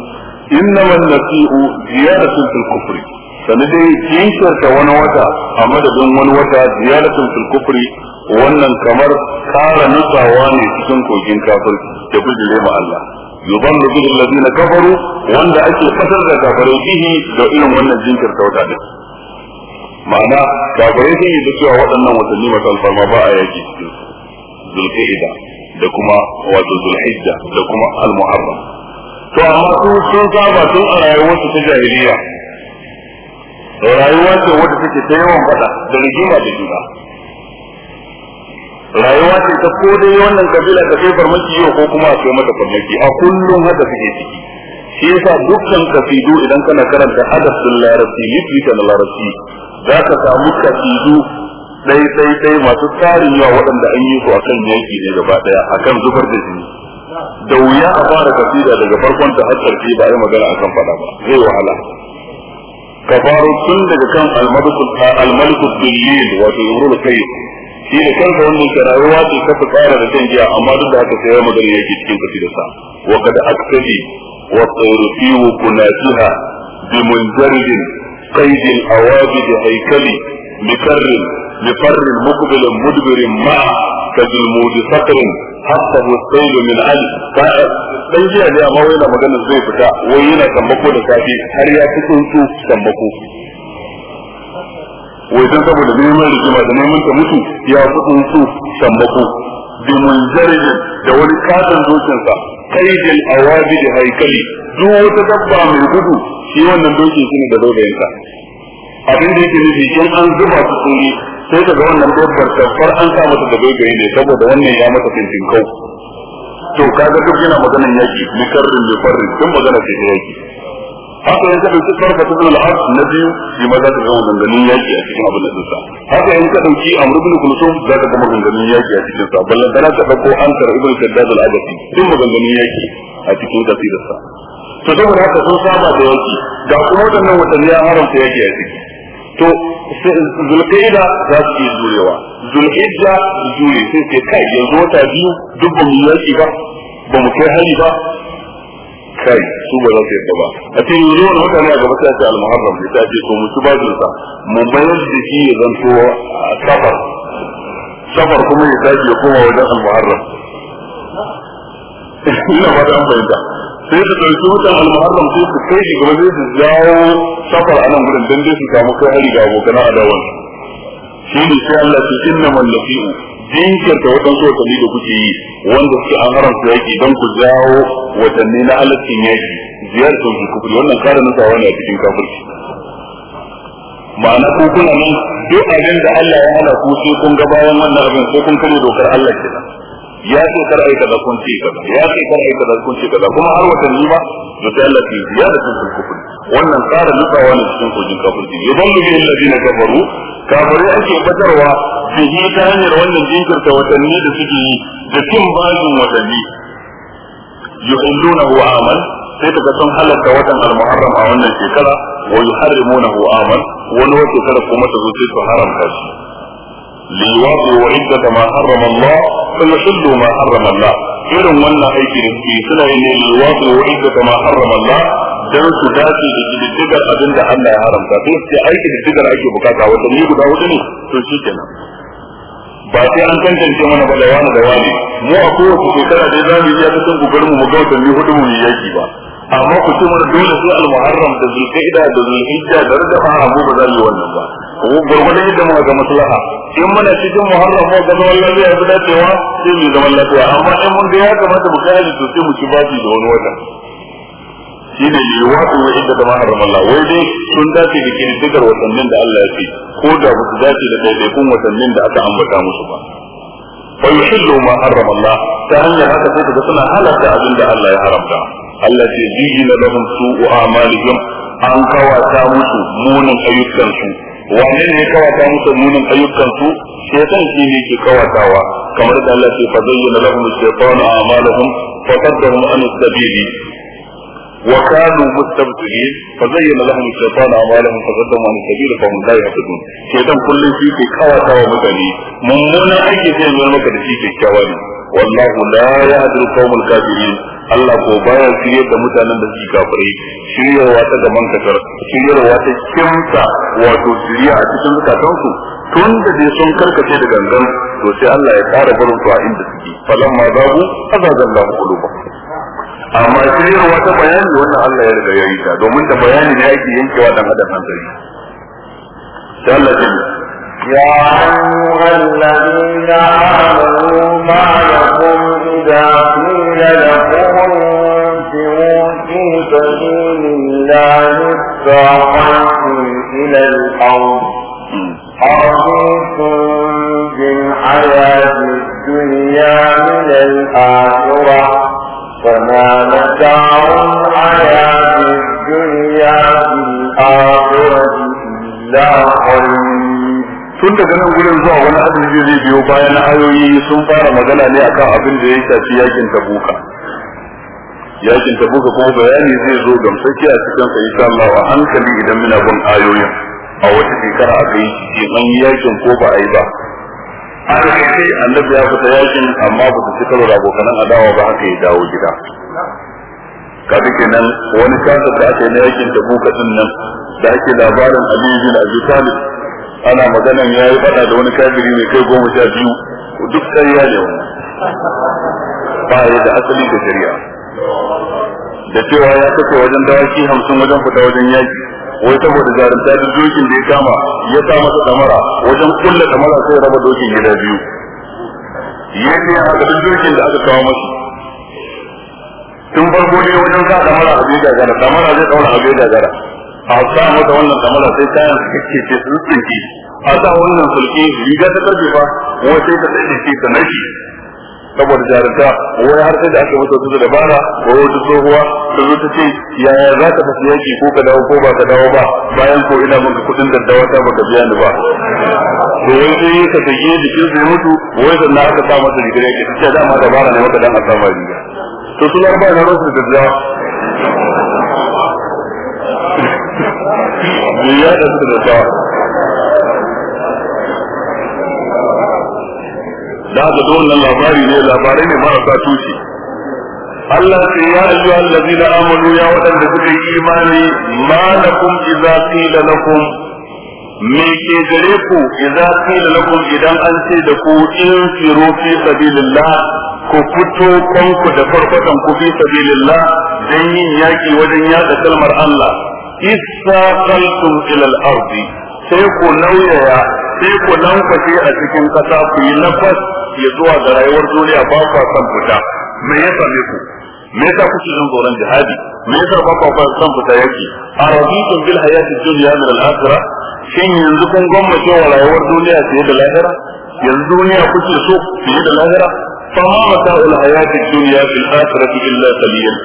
إنما النسيء زيادة في الكفر sanadai jinkirta wani wata a madadin wani wata ziyaratun filkufri wannan kamar kara nutsawa ne cikin kogin kafir da bijire ma Allah yuzallu bihi alladhina kafaru wanda ake fatar da kafirai bihi irin wannan jinkirta wata din ma'ana kafirai sun yi da cewa waɗannan watanni masu alfarma ba a yaki cikin zulqa'ida da kuma wato zulhijja da kuma almuharram to amma sun saba ta rayuwa ce wadda take ta yawan faɗa da rigima da juna rayuwa ce ta ko dai wannan kabila ta kai farmaki yau ko kuma a kai mata farmaki a kullum haka suke ciki shi yasa dukkan kasidu idan kana karanta hadasul larabci litfikan larabci za ka samu kasidu dai dai dai masu tsarin yawa waɗanda an yi su akan yaki ne gaba daya akan zubar da jini da wuya a fara kasida daga farkon ta har ƙarshe ba a yi magana akan faɗa ba zai wahala ka faro tun daga kan almalikul dalil wato yurul kayyid shi da kansa wannan ke rayuwa ce kafa tsara da shan giya amma duk da haka sai ya magana yake cikin sa, wa kad aktabi wa tsawrufi wa kunasiha bi munjaridin قيد الأوابد هيكلي مكر مفر مقبل مدبر مع كالمود فقر حقه min من علي dan jiya ne amma wai yana magana zai fita wai yana tambako da safi har ya fi tsuntsu tambako wai dan saboda neman rikima da neman ta mutu ya kudin su sammako bi munzarijin da wani katon dokinsa a awabi da haikali duk wata dabba mai gudu shi wannan dokin ne da dogayensa abin da yake nufi in an zuba su yi sai daga wannan dabbar tabbar an sa mata da dogaye ne saboda wannan ya mata fintin kau to kaga duk yana maganan yaki mukarrin mai farrin tun magana ce ta yaki haka in ka dauki sarfa ta zuwa al'ad na biyu shi ma za ka ga maganganun yaki a cikin abin da sun sa haka in ka dauki amr ibn kulsum za ka ga maganganun yaki a cikin sa ballan kana ta dauko an tar ibn shaddad al-abasi duk maganganun yaki a cikin tafsirin sa to saboda haka sun saba da yaki da kuma wadannan watanni ya haramta yaki a ciki to zulqaida za su yi jurewa zulhijja jure sai ce kai yanzu wata biyu duk ba mu yaki ba ba mu kai hali ba kai su ba za su yadda ba a cikin yanzu wani mutane a gaba sai ce al-muharram ne ta ce to mu ci bajin sa mu bayar da shi ya zanto safar safar kuma ya tashi ya koma wajen al-muharram ina ba da an fahimta sai su ɗauki wutan al-muharram sai su kai shi gaba sai su jawo safar a nan gudun don dai su samu kai hari ga abokan adawan shi ne sai Allah ce inna mallafi'u jinkirta waɗansu watanni da kuke yi wanda suke an haramta yaki don ku jawo watanni na halittin yaki ziyartar su kufuri wannan kare nasawa ne a cikin kafirci ma'ana ko kuna nan duk abin da Allah ya hana ku sai kun ga bayan wannan abin sai kun kare dokar Allah kenan ya ce kar ai kaza kun ce kaza ya ce kar ai kaza kun ce kaza kuma har watanni ba da sai Allah ke ziyartar su kufuri wannan kare nasawa ne cikin kojin kafirci yadan bi alladina kafaru kafirai ake batarwa su yi ta hanyar wannan jinkirta watanni da suke yi da cin bashin watanni yuhillunahu amal sai ka sun halatta watan al-muharram a wannan shekara wa yuharrimunahu amal wani wata shekara kuma ta zo sai su haramta shi liwafi wa idda ma harrama Allah fa yuhillu ma harrama Allah irin wannan aiki da suke suna yi ne liwafi wa idda ma harrama Allah dan su dace da kididdigar abin da Allah ya haramta to sai aiki ai kididdigar ake bukata wata ne guda wata ne to shikenan ba sai an tantance mana ba da wani da wani mu a kowace shekara dai za mu yi ya kasan gugar mu mu ga watanni hudu mu yi yaki ba amma ku ci mana dole su al-muharram da zulqa'ida da zulhijja da rajaba abu ba za yi wannan ba ko gurgurdan yadda muka ga maslaha in muna cikin muharram ko ga zaman lafiya ya fita cewa sai mu zaman lafiya amma in mun ga ya kamata mu kai to sosai mu ci baki da wani wata shi ne yiwuwa su yi inda zama haram Allah wai dai sun dace da kididdigar watannin da Allah ya ce ko da ba su dace da daidaikun watannin da aka ambata musu ba fa yuhillu ma harrama Allah ta hanyar haka sai ka ga suna halatta abin Allah ya haramta allati zuyina lahum su'u a'malihim an kawata musu munin ayyukansu. su wane ne kawata musu munin ayyukansu? shaytan shi ne ke kawatawa kamar da Allah ke fa lahum shaytanu a'malahum fa qaddahum an as-sabili وكانوا مستبصرين فزين لهم الشيطان اعمالهم فصدهم عن السبيل فهم لا يهتدون شيطان كل شيء في كواتا ومتني ممونا اي شيء من المكر في كواني والله لا يهدي القوم الكافرين Allah ko baya shirye da mutanen da suke kafirai shiryarwa ta gaban kasar shiryarwa ta kimta wato shirya a cikin zukatansu tun da dai sun karkace da gangan to sai Allah ya ƙara barin su a inda suke falan ma babu azaban lahu quluba amma shiryarwa ta bayani wannan Allah ya riga ya yi ta domin da bayani ne ake yankewa dan adam hankali sai Allah ya يا أيها الذين آمنوا ما لكم إذا قيل لكم انفروا في سبيل الله استعقلتم إلى الأرض أرضيتم بالحياة الدنيا من الآخرة فما متاع الحياة الدنيا في الآخرة إلا خير tun daga nan gurin zuwa wani da zai biyo bayan ayoyi sun fara magana ne akan abin da ya shafi yakin tabuka yakin tabuka kuma bayani zai zo gamsaki a cikin sa insha Allah a hankali idan muna bin ayoyin a wata shekara aka yi shi an yi yakin ko ba a yi ba an sai annabi ya fita yakin amma ba su cika da abokanan adawa ba haka ya dawo gida kaga kenan wani kasar da aka yi na yakin tabuka din nan da ake labarin abin da Abi Talib ana magana ya yi fada da wani kafiri mai kai goma sha biyu duk ya ne wannan ba ya da asali da shari'a da cewa ya kace wajen dawaki hamsin wajen fita wajen yaki wai saboda jarumta da dokin da ya kama ya sa masa damara wajen kulle damara sai raba dokin gida biyu yadda ya haka duk dokin da aka kawo masa tun farko ne wajen sa damara a bai gagara damara zai daura a bai gagara a sa mata wannan kamala sai kayan su kake ce su tsinki a sa wannan sulki riga ta karfe ba wai sai ta tsaye ce ta nashi saboda jarinta wai har sai da aka mutu da dabara ko wata tsohuwa ta zo ta ce yaya za ka tafi yaki ko ka dawo ko ba ka dawo ba bayan ko ina maka kudin daddawa ta baka biya ni ba to wai sai ka tage jikin sai mutu wai sannan aka sa masa rigar yaki ta ce dama dabara ne maka dan a sama riga to sunar ba na rosu da daddawa bai yada su da ta da da labari ne labarai ne marasa tushe Allah ce ya ayyu allazina amanu ya waɗanda suka yi imani ma idza qila lakum me ke gare ku idza qila lakum idan an ce da ku in firu fi sabilillah ku fito kanku da farfatan ku fi sabilillah dan yin yaki wajen yada kalmar Allah istaqaltum ila al-ard sai ku nauyaya sai ku lankwace a cikin kasa ku yi nafas ya zuwa ga rayuwar duniya ba ku san fita me ya same ku me yasa kuke jin tsoron jihadi me yasa ba ku san fita yake arabitun bil hayati dunya min al akhira shin yanzu kun gwammace wa rayuwar duniya fiye da lahira yanzu duniya kuke so fiye da lahira fa ma al hayati dunya fil akhirati illa qalil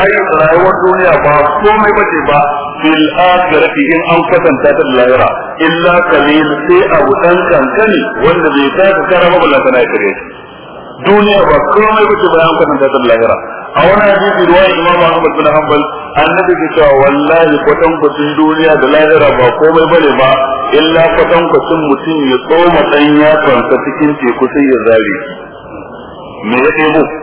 ai rayuwar duniya ba komai bace ba bil akhirati in an kwatanta ta lahira illa kalil sai abu dan kankani wanda bai taka karama balla tana kare shi duniya ba komai bace ba an kwatanta ta lahira a wani hadisi ruwa imam Ahmad bin Hanbal annabi ke cewa wallahi kwatan kwatan duniya da lahira ba komai bane ba illa kwatan kwatan mutum ya tsoma dan kwanta cikin teku sai ya zare me ya mu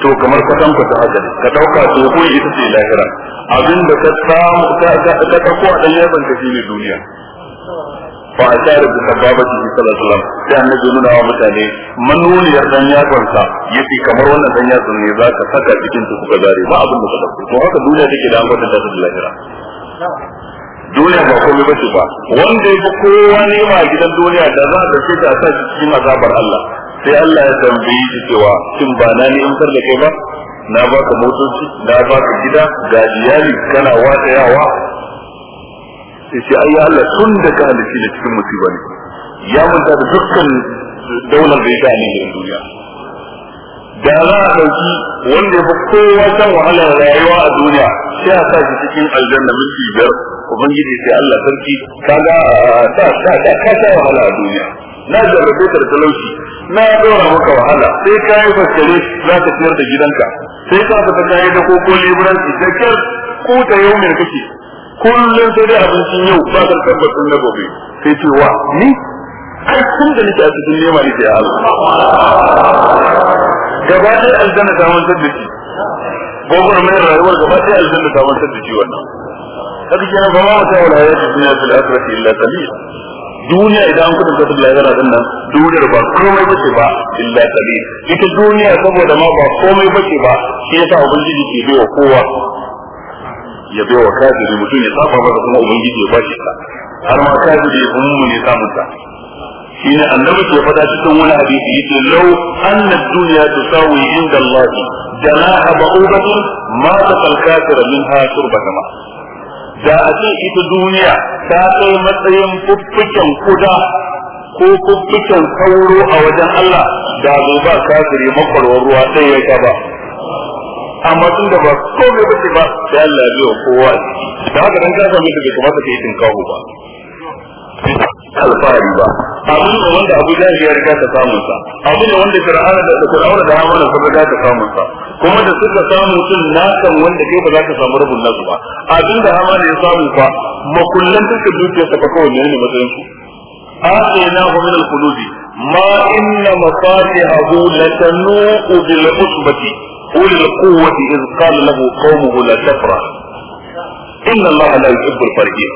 to kamar kwatan kwata haka ne ka dauka to ko ita ce lahira abin da ka samu ka ka ka ko dan yaban ka shine duniya fa ashara da sababati sallallahu alaihi wasallam sai annabi nuna wa mutane manuniyar dan yaban sa yace kamar wannan dan yaban ne za ka saka cikin ku kuka gare ba abin da ka dauko to haka duniya take da amfani da lahira duniya ba komai ba ce ba wanda ya fi kowa nema a gidan duniya da za a dace ta sa cikin azabar Allah sai Allah ya tambayi shi cewa shin ba na ni'imtar da kai ba na ba baka motoci na ba ka gida ga iyali kana watsayawa sai ai Allah tun da ka halice da cikin musiba ne ya manta da dukkan daular da ya ne a duniya da za a ɗauki wanda ya fi kowa kan wahalar rayuwa a duniya sai a sa shi cikin aljanna minti biyar ubangiji sai Allah sarki kaga ta ta ta ta wahala a duniya na jarrabe ta da talauci na dora maka wahala sai ka yi fassare za ka siyar da gidanka sai ka ta kayi da koko liburanci da ko ta yau ne kake kullum sai dai abincin yau ba ka tabbatar na gobe sai ce wa ni ai kun da nake a cikin nema ne ya Allah gaba ɗaya aljanna ta wanzar da shi gogon mai rayuwar gaba ɗaya aljanna ta wanzar da shi wannan kaga kenan ba ma ta wala hayati dunya fil akhirati illa qalil duniya idan an kudin kasar lahira din nan duniyar ba komai bace ba illa tsari ita duniya saboda ma ba komai bace ba shi ya yasa ubangiji ke biyo kowa ya biyo wa kafiri mutum ya saba ba kuma ubangiji ya bashi ta har ma kafiri ya kuma ne samun ta shi ne annabi ke faɗa cikin wani hadisi yace law anna dunya tusawi inda Allah janaha ba'udatin ma ta min tasal kafira ta ma. da a ce ita duniya ta kai matsayin fuffuken kuda ko fuffuken sauro a wajen Allah da zo ba kafiri makwarwar ruwa sai ya ta ba amma tun da ba komai bace ba da Allah ya biyo kowa da haka dan ka mai da kamata ka yi kawo ba alfahari ba abin ne wanda abu jahil ya riga ta samun sa abu ne wanda fir'auna da fir'auna da hamana suka riga ta samun sa kuma da suka samu sun nakan wanda ke ba za ka samu rabin nasu ba abin da hama ne ya samu fa makullan duka dukiya ta kawai ne ne matsayin su ake na kuma kuluji ma inna mafati hagu la tanu ubil usbati ul quwwati iz qala lahu qawmuhu la tafra inna allaha la yuhibbu al farih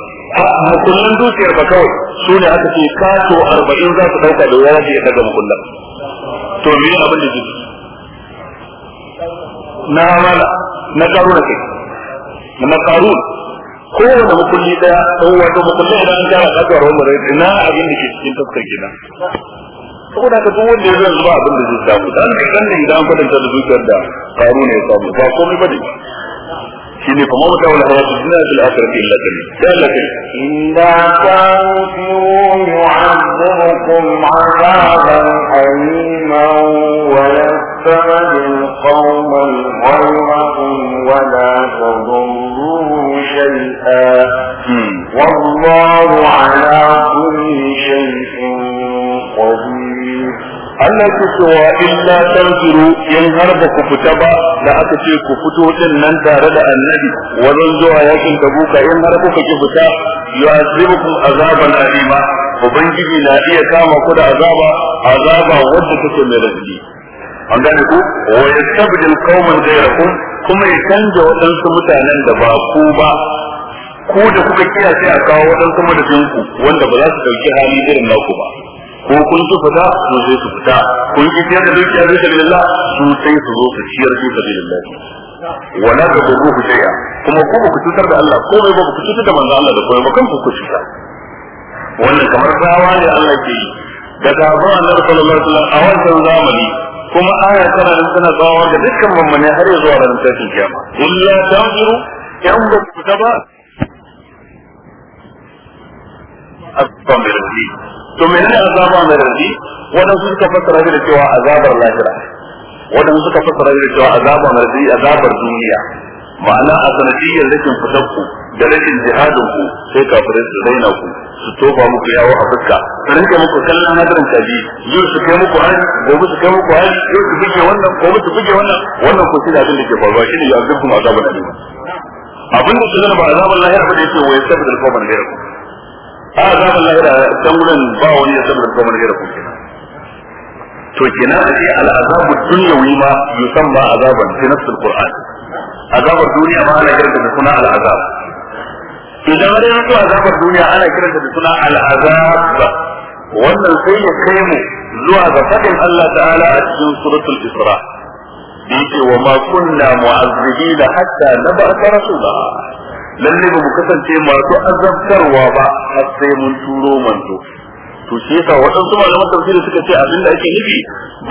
makullan dukiyar ba kawai su ne aka ce kato arba'in za ka dauka da yaji ka ga makullan to ne abin da yake na hamala na karuna kai na karun kowane makulli daya ko wato makulli idan an gyara kasuwar wani rai ina abin da ke cikin taskar gina. saboda ka duk wanda ya zai zuwa abin da zai samu dan kan ne idan kwatanta da dukiyar da karuna ya samu ba komai bane shine fa mawta wal hayatu dunya fil akhirati illa qalil dalatin illa tanfiru yu'adhibukum 'adaban aliman wa yastabdil qauman ghayrakum wa la tadurruhu shay'a والله على كل شيء قدير Allah ke cewa illa tanziru in har ba ku fita ba da aka ce ku fito din nan tare da annabi wajen zuwa yakin tabuka in har kuka ki fita yu'azibukum azaban alima ubangiji na iya kama ku da azaba azaba wanda take mai radadi an gane ku wa yastabdil qauman ghayrakum kuma ya canja waɗansu mutanen da ba ku ba ku da kuka kiyaye a kawo waɗansu madadin ku wanda ba za su dauki hali irin naku ba ko kun su fita su sai su fita kun ki ciyar da dukiya fi sabilillah su sai su zo su ciyar fi sabilillah wala ka ku ku kuma ko ku cutar da Allah ko ba ku cutar da manzo Allah da koyi ba kan ku ku cuta wannan kamar tsawa ne Allah ke yi da gaban Allah sallallahu alaihi wasallam a wannan zamani kuma aya tana nan tana tsawa da dukkan mamane har zuwa ranar tashin kiyama illa tanfiru yan ba ku ta ba a tsamirin to menene azaba mai radi wadan suka fassara da cewa azabar lahira wadan suka fassara da cewa azaba mai radi azabar duniya ma'ana a sanadiyyar rikin fitakku da rikin jihadin ku sai kafirai su raina ku su tofa muku yawo a fuska su rinka muku kallon hadarin kaji yau su kai muku hari gobe su kai muku hari yau su buge wannan gobe su buge wannan wannan ko shine abin da ke faruwa shine ya azabun azabun alima abin da su zama ba azabun lahira ba da yake wai sabbin alfaman da yarku a azaban lahira can wurin ba wani ya saboda kuma ne da kuke to kenan a ce al'azabu dunyawi ma yusamma azaban fi nafsul qur'an azabar duniya ma ana kiranta da suna al'azab idan har yanzu azabar duniya ana kiranta da suna al'azab wannan sai ya kai mu zuwa ga fadin Allah ta'ala a cikin suratul isra da yake wa ma kunna mu'azzibina hatta nab'atha rasula lalle ba mu kasance masu azabtarwa ba har sai mun turo manzo to shi yasa waɗansu malaman tafsiri suka ce abin da ake nufi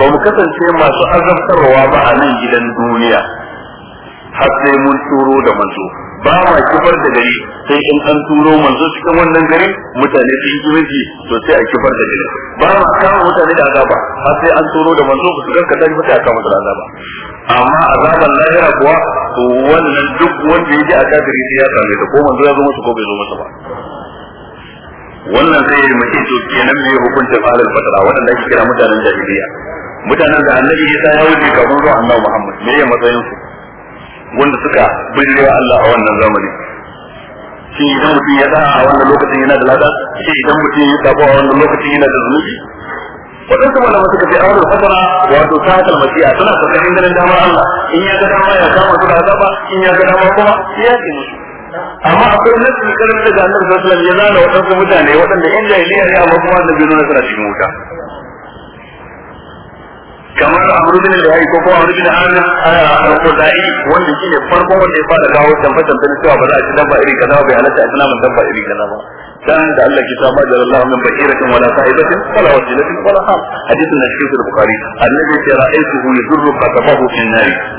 ba mu kasance masu azabtarwa ba a nan gidan duniya har sai mun turo da manzo ba ma kifar da gari sai in an turo manzo cikin wannan gari mutane sun yi miji to sai a kifar da gari ba ma kawo mutane da azaba har sai an turo da manzo ba su ganka tashi ba sai a kama da azaba amma azaban lahira kuwa wannan duk wanda ya ji a kafiri sai ya same ta ko manzo ya zo masa ko bai zo masa ba wannan sai ya mace to kenan mai hukuncin alal fatara da ake kira mutanen jahiliya mutanen da annabi Isa ya wuce kafin zuwa annabi Muhammad me ya matsayin su wanda suka wa Allah a wannan zamani shi idan mutum ya da a wannan lokacin yana da lada shi idan mutum ya sabo a wannan lokacin yana da zunubi waɗansu malamai suka ce awar fasara wato ta haka masiya suna tsakanin ganin damar Allah in ya ga dama ya kama su da azaba in ya ga dama kuma ya yi musu amma akwai nasu karin da annabi sallallahu alaihi wasallam ya nana waɗansu mutane waɗanda in jahiliya ne amma kuma annabi nuna suna cikin wuta kamar amru bin al-hayy ko kuma amru bin ana ah, al-qudai wanda shine farkon wanda ya fara dawo tambayan da cewa ba za a ci dabba iri kaza ba bai halatta a tana dabba iri kaza ba dan da Allah ke saba da Allah min bakiratin wala sa'ibatin wala wasilatin wala ham hadithin da shi da bukhari annabi ya ra'aytuhu yadurru qatabahu fi an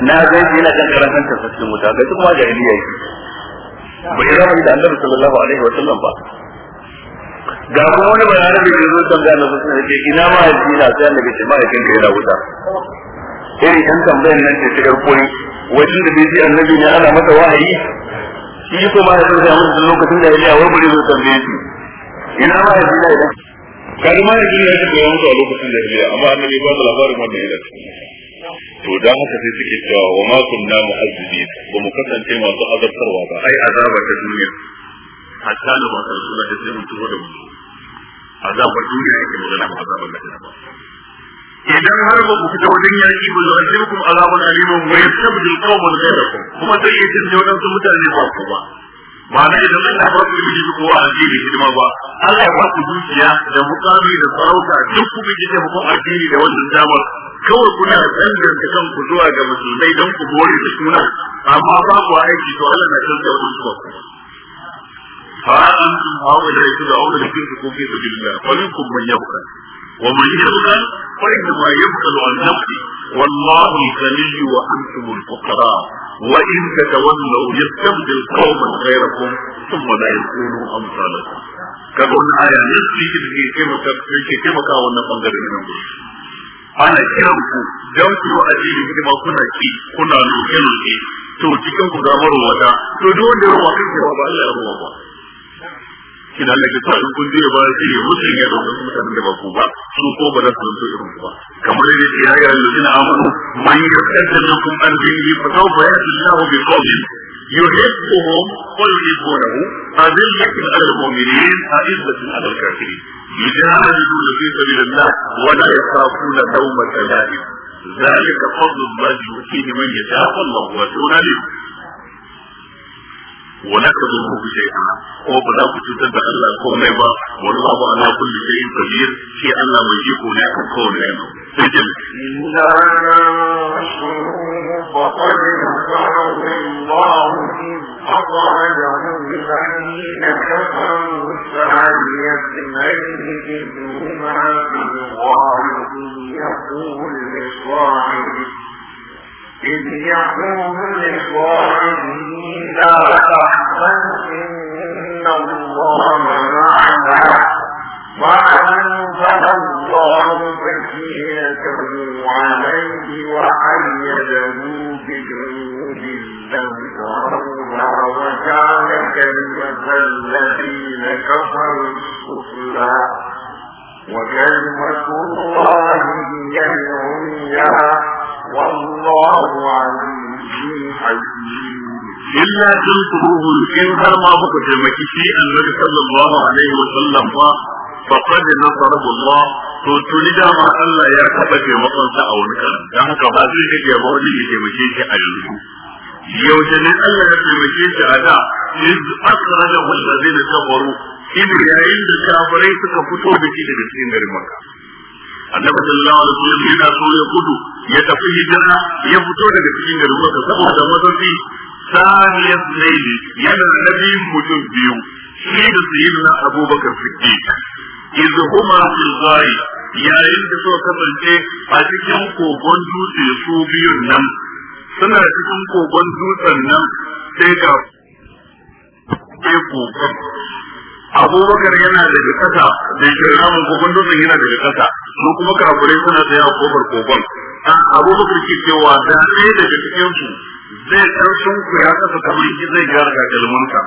na ga yana kan karantar tafsirin muta ga kuma jahiliya yake bai zama da annabi sallallahu alaihi wa sallam ba ga kuma wani bayanin da ke zo tambaya na mutum yake ina ma na sai annabi ce ma yakin kai na wuta irin kan tambayar nan ce ta garkoni wajen da bai ji annabi ne ana masa wahayi shi ko ma ya san sai mutum lokacin da ya yi wai bari zo tambaye shi ina ma ya ji da idan kar ma ya ji ya ce ya mutu a lokacin da ya amma annabi ba da labarin wannan idan to dan haka sai suke cewa wa ma kunna mu'azzibi ba mu kasance masu azabtarwa ba ai azaba ta duniya hatta da ba ta suna da sai mutuwa da mu azabar duniya ake da ba azabar da ta ba idan har ba ku fita wajen yaki ba zai ji muku azabun alimun wa yastabdil qawman ghayrakum kuma sai ya tinje wadansu mutane ba ku ba ma'ana idan Allah ba ku miji ko addini hidima ba Allah ya ba ku dukiya da mukami da sarauta duk ku miji da mutum addini da wannan damar kawai kuna danganta kanku zuwa ga musulmai don ku bore da suna amma ba ku aiki to Allah na canza wannan su ba ku fa antum hawa da yake da aure da kinku ko ke da billah wani kun man yabka wa man yabka فإنما يبخل عن نفسه والله الغني وأنتم الفقراء وإن تتولوا يستبدل قوما غيركم ثم لا يكونوا أمثالكم kaga wannan aya ne shi ke taimaka ke taimaka wannan bangaren nan ana kiran ku ku yi addini hidima kuna ki kuna loke loke to cikin ku ga marwata to duk wanda ya ruwa kan ba Allah ya ruwa ba shi da Allah ke sa in kun je ba shi ya mutu ya dauka mutanen da ba ku ba su ko ba za su zanto irin ku ba kamar yadda ya ga allazina amanu man yastajibukum an dinihi fa sawfa ya'ti Allahu bi qawmin يحبهم ويحبونه أذلة على المؤمنين أعزة على الكافرين يجاهدون في سبيل الله ولا يخافون دومة لائم ذلك فضل الله يؤتيه من يشاء والله واسع عليم ولا تضره شيئا هو بلا كتوتا بألا كون يبا والله على كل شيء قدير في ان ألا ويجيكم هناك كون يبا سجل إلا فقد نصره الله إذ أخرج الذين كفروا السعي اثنين إذ هما في الغار يقول لصاحبه إذ يقول لصاحبه لا تحزن tansuruhu in har ma muku taimaki shi annabi sallallahu alaihi wa sallam ba faqad nasarahu Allah to tuni da ma Allah ya taba taimakon sa a wani karan dan haka ba zai kake ba wani ya taimake shi a yanzu yaushe ne Allah ya taimake shi a da iz akhrajahu allazina kafaru idan yayin da kafirai suka fito da shi daga cikin garin Makka annabi sallallahu alaihi wasallam yana so ya gudu ya tafi hijira ya fito daga cikin garin Makka saboda mazafi saniyar laili yana da nabiyin mutum biyu shi da sayyidina abubakar siddiq idh huma fil ghari yayin da suka kasance a cikin kogon dutse su biyun nan suna cikin kogon dutsen nan sai ga kogon abubakar yana daga ƙasa, da kirramin kogon dutsen yana daga ƙasa, su kuma kafirai suna tsaye a kofar kogon abubakar ke cewa da ɗaya daga cikin su zai san sun ku ya kasa kamar yi zai gyara ga kalmanka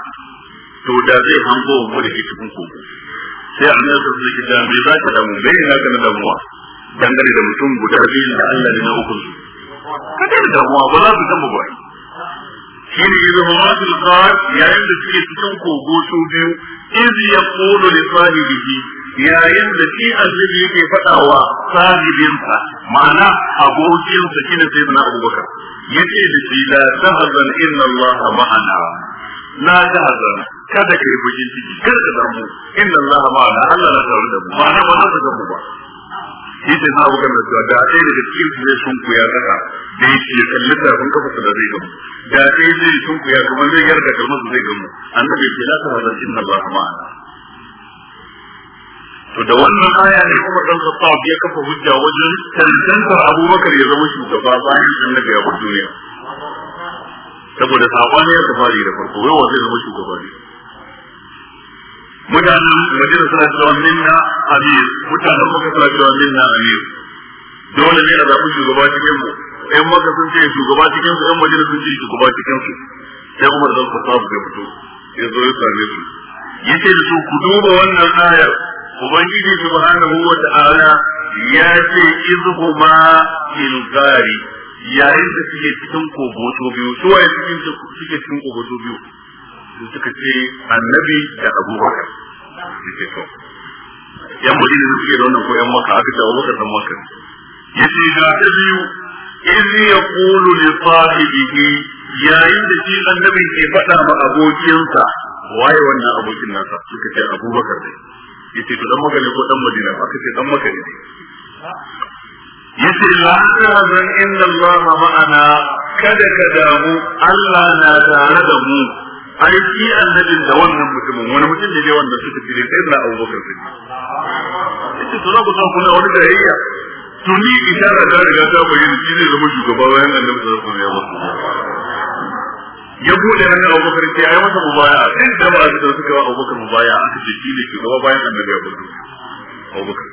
to da zai hango mu da ke cikin ku sai an yasa su ki da me za ka damu bai na damuwa dangane da mutum guda biyu da Allah ne na uku su Ka da damuwa ba za su san ba shi ne idan hamatul qad yayin da suke cikin kogo su biyu ya yaqulu li biki, yayin da shi annabi yake faɗawa sahibinsa ma'ana abokinsa sai na Abubakar yace da shi la tahzan inna Allah ma'ana la tahzan kada kai bugin ciki kada ka damu inna Allah ma'ana Allah na tare da mu ba na ba za ka mu ba shi sai na bukan da cewa da ɗaya daga cikin su zai sunku ya kasa da yake ya kalli tafin kafa da zai gamu da ɗaya zai sunku ya kuma zai yarda kalmar zai gamu annabi ce la tahzan inna Allah ma'ana to da wannan aya ne kuma dan Khattab ya kafa hujja wajen tantantar Abu Bakar ya zama shugaba bayan annabi ya bar duniya saboda sabani ya tafari da farko wai wanda zama shugaba ne mutanen Madina suna cewa minna amir mutanen Makka suna cewa minna amir dole ne a zaɓi shugaba cikin mu ɗan Makka sun ce shugaba cikin su ɗan Madina sun ce shugaba cikin su sai kuma da zan Khattab ya fito ya zo ya same su yace da su ku duba wannan ayar ubangiji subhanahu wa ta'ala ya ce izhuma fil gari yayin da suke cikin kogoto biyu su waye cikin suke cikin kogoto biyu suka ce annabi da abubakar suke to yan madina da suke da wannan ko yan maka aka ce abubakar dan maka yace ga ta biyu iz yaqulu li sahibihi yayin da shi annabi ke faɗa ma abokinsa waye wannan abokin nasa suka ce abubakar ne yace to dan maka ne ko dan madina aka ce dan maka ne yace la ta'zan inna Allah ma'ana kada ka damu Allah na tare da mu ai shi annabin da wannan mutumin wani mutum ne wanda suka fili sai na Abu Bakar sai yace to za ku san kuna wani tarayya to ni isharar ta riga ta bayyana shi ne zama shugaba bayan annabi sallallahu alaihi wasallam ya bude hannun abubakar ke ya yi masa mubaya ɗin da ba a da suka wa abubakar mubaya aka ce shi ne shugaba bayan annabi ya bude abubakar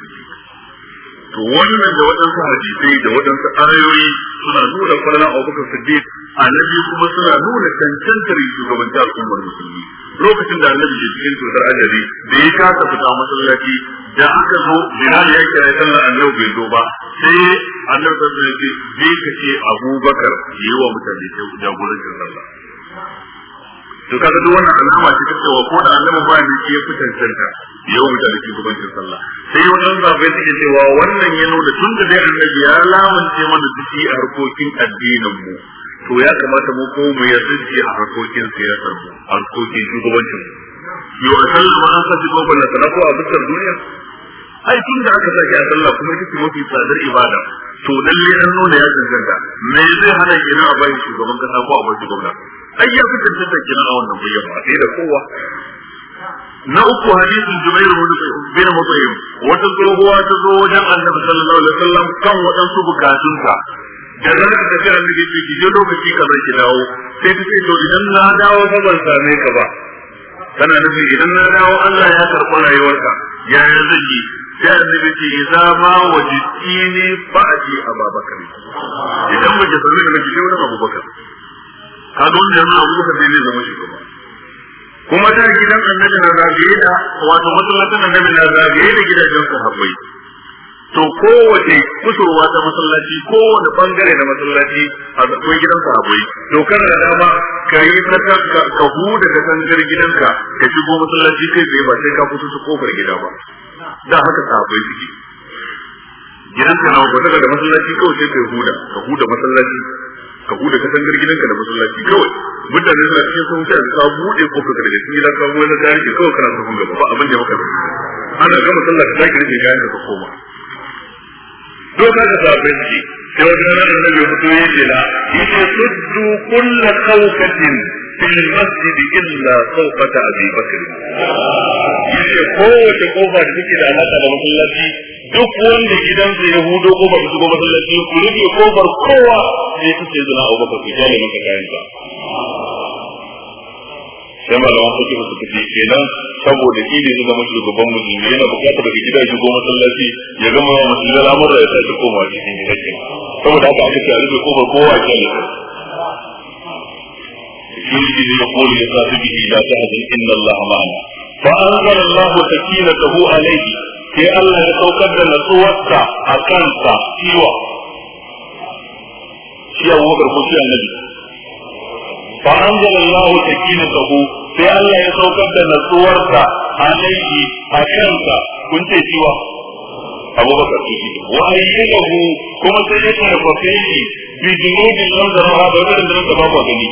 to wannan da waɗansu hadisai da waɗansu ayoyi suna nuna kwallon abubakar siddiq annabi kuma suna nuna cancantar shugabanci al'ummar musulmi lokacin da annabi ke cikin cutar ajali da ya kasa fita masallaci da aka zo bilal ya kira sallar annabi bai zo ba sai annabi sallallahu alaihi wasallam ya ce abubakar yi wa mutane jagorancin sallah to kaga duk wannan alama ce take wa ko da annabi ba ne ke fitan canta yau mu tare shugabancin sallah sai wannan bai suke cewa wannan ya nuna tun da dai annabi ya lamance mana duki a harkokin addinin mu to ya kamata mu ko mu yarda duki a harkokin siyasar mu harkokin shugabancin mu yau a sallah ma an sa shi gobe na a dukkan duniya ai tun da aka sake a sallah kuma kike mafi tsadar ibada to dalilin nuna ya zanganta me zai hana ina a bayan shugaban kasa ko a shugaban gwamnati ai ya fi tantance kenan a wannan bayyana ba sai da kowa na uku hadisin jubair bin mut'im wata tsohuwa ta zo wajen annabi sallallahu alaihi wasallam kan waɗansu bukatunsa da zan ka tafi annabi ce ki je lokaci ka zai ki dawo sai ta ce to idan na dawo ba ban same ka ba kana nufi idan na dawo Allah ya karɓi rayuwarka ya yi zan yi sai annabi ce za ma ne wajidtini a ababakar idan ba ki same ni ba ki je wani abubakar kaga wanda yana abu bakar ne zama shugaba kuma da gidan annabi na zagaye da wato masallacin annabi na zagaye da gidajen sahabbai to kowace kusurwa ta masallaci kowane bangare na masallaci a akwai gidan sahabbai to kan da dama ka yi ka ka huda da tangar gidanka ka shigo masallaci kai bai ba sai ka fito su kofar gida ba da haka sahabbai suke gidanka na wata da masallaci kawai sai kai huda ka huda masallaci ka huda ka dangar gidanka da masallaci kawai mutane suna cikin sun sai ka bude kofar ka daga cikin ka kuma na tarihi kawai kana ta hunga ba abin da maka ana gama sallah ka zaki rike kayan ka koma to ka ga sabai shi sai wajen nan da nabi mutum yake la yake tuddu kullu khawfatin في المسجد إلا صوفة أبي بكر yace kowace kofa da take da alaƙa da masallaci duk wanda gidan su yahudo ko ba masallaci ku kofar kowa sai su ce zina abu kayan sai kuke su kace kenan saboda shi ne zama shugaban musulmi yana bukatar daga gida ya shigo masallaci ya gama musulmi al'amuran ya tashi koma cikin gidan saboda haka aka ce a rufe kofar kowa a kyale إذ يقول لصاحبه لا تحزن إن الله معنا فأنزل الله سكينته عليه sai Allah ya saukar da natsuwarsa a kansa kiwa shi abu bakar ko shi annabi fa anzala Allah sakinatahu sai Allah ya saukar da natsuwarsa alaihi a kansa kun ce kiwa abu bakar ko shi wa ayyuhu kuma sai ya bi da rawa ba gani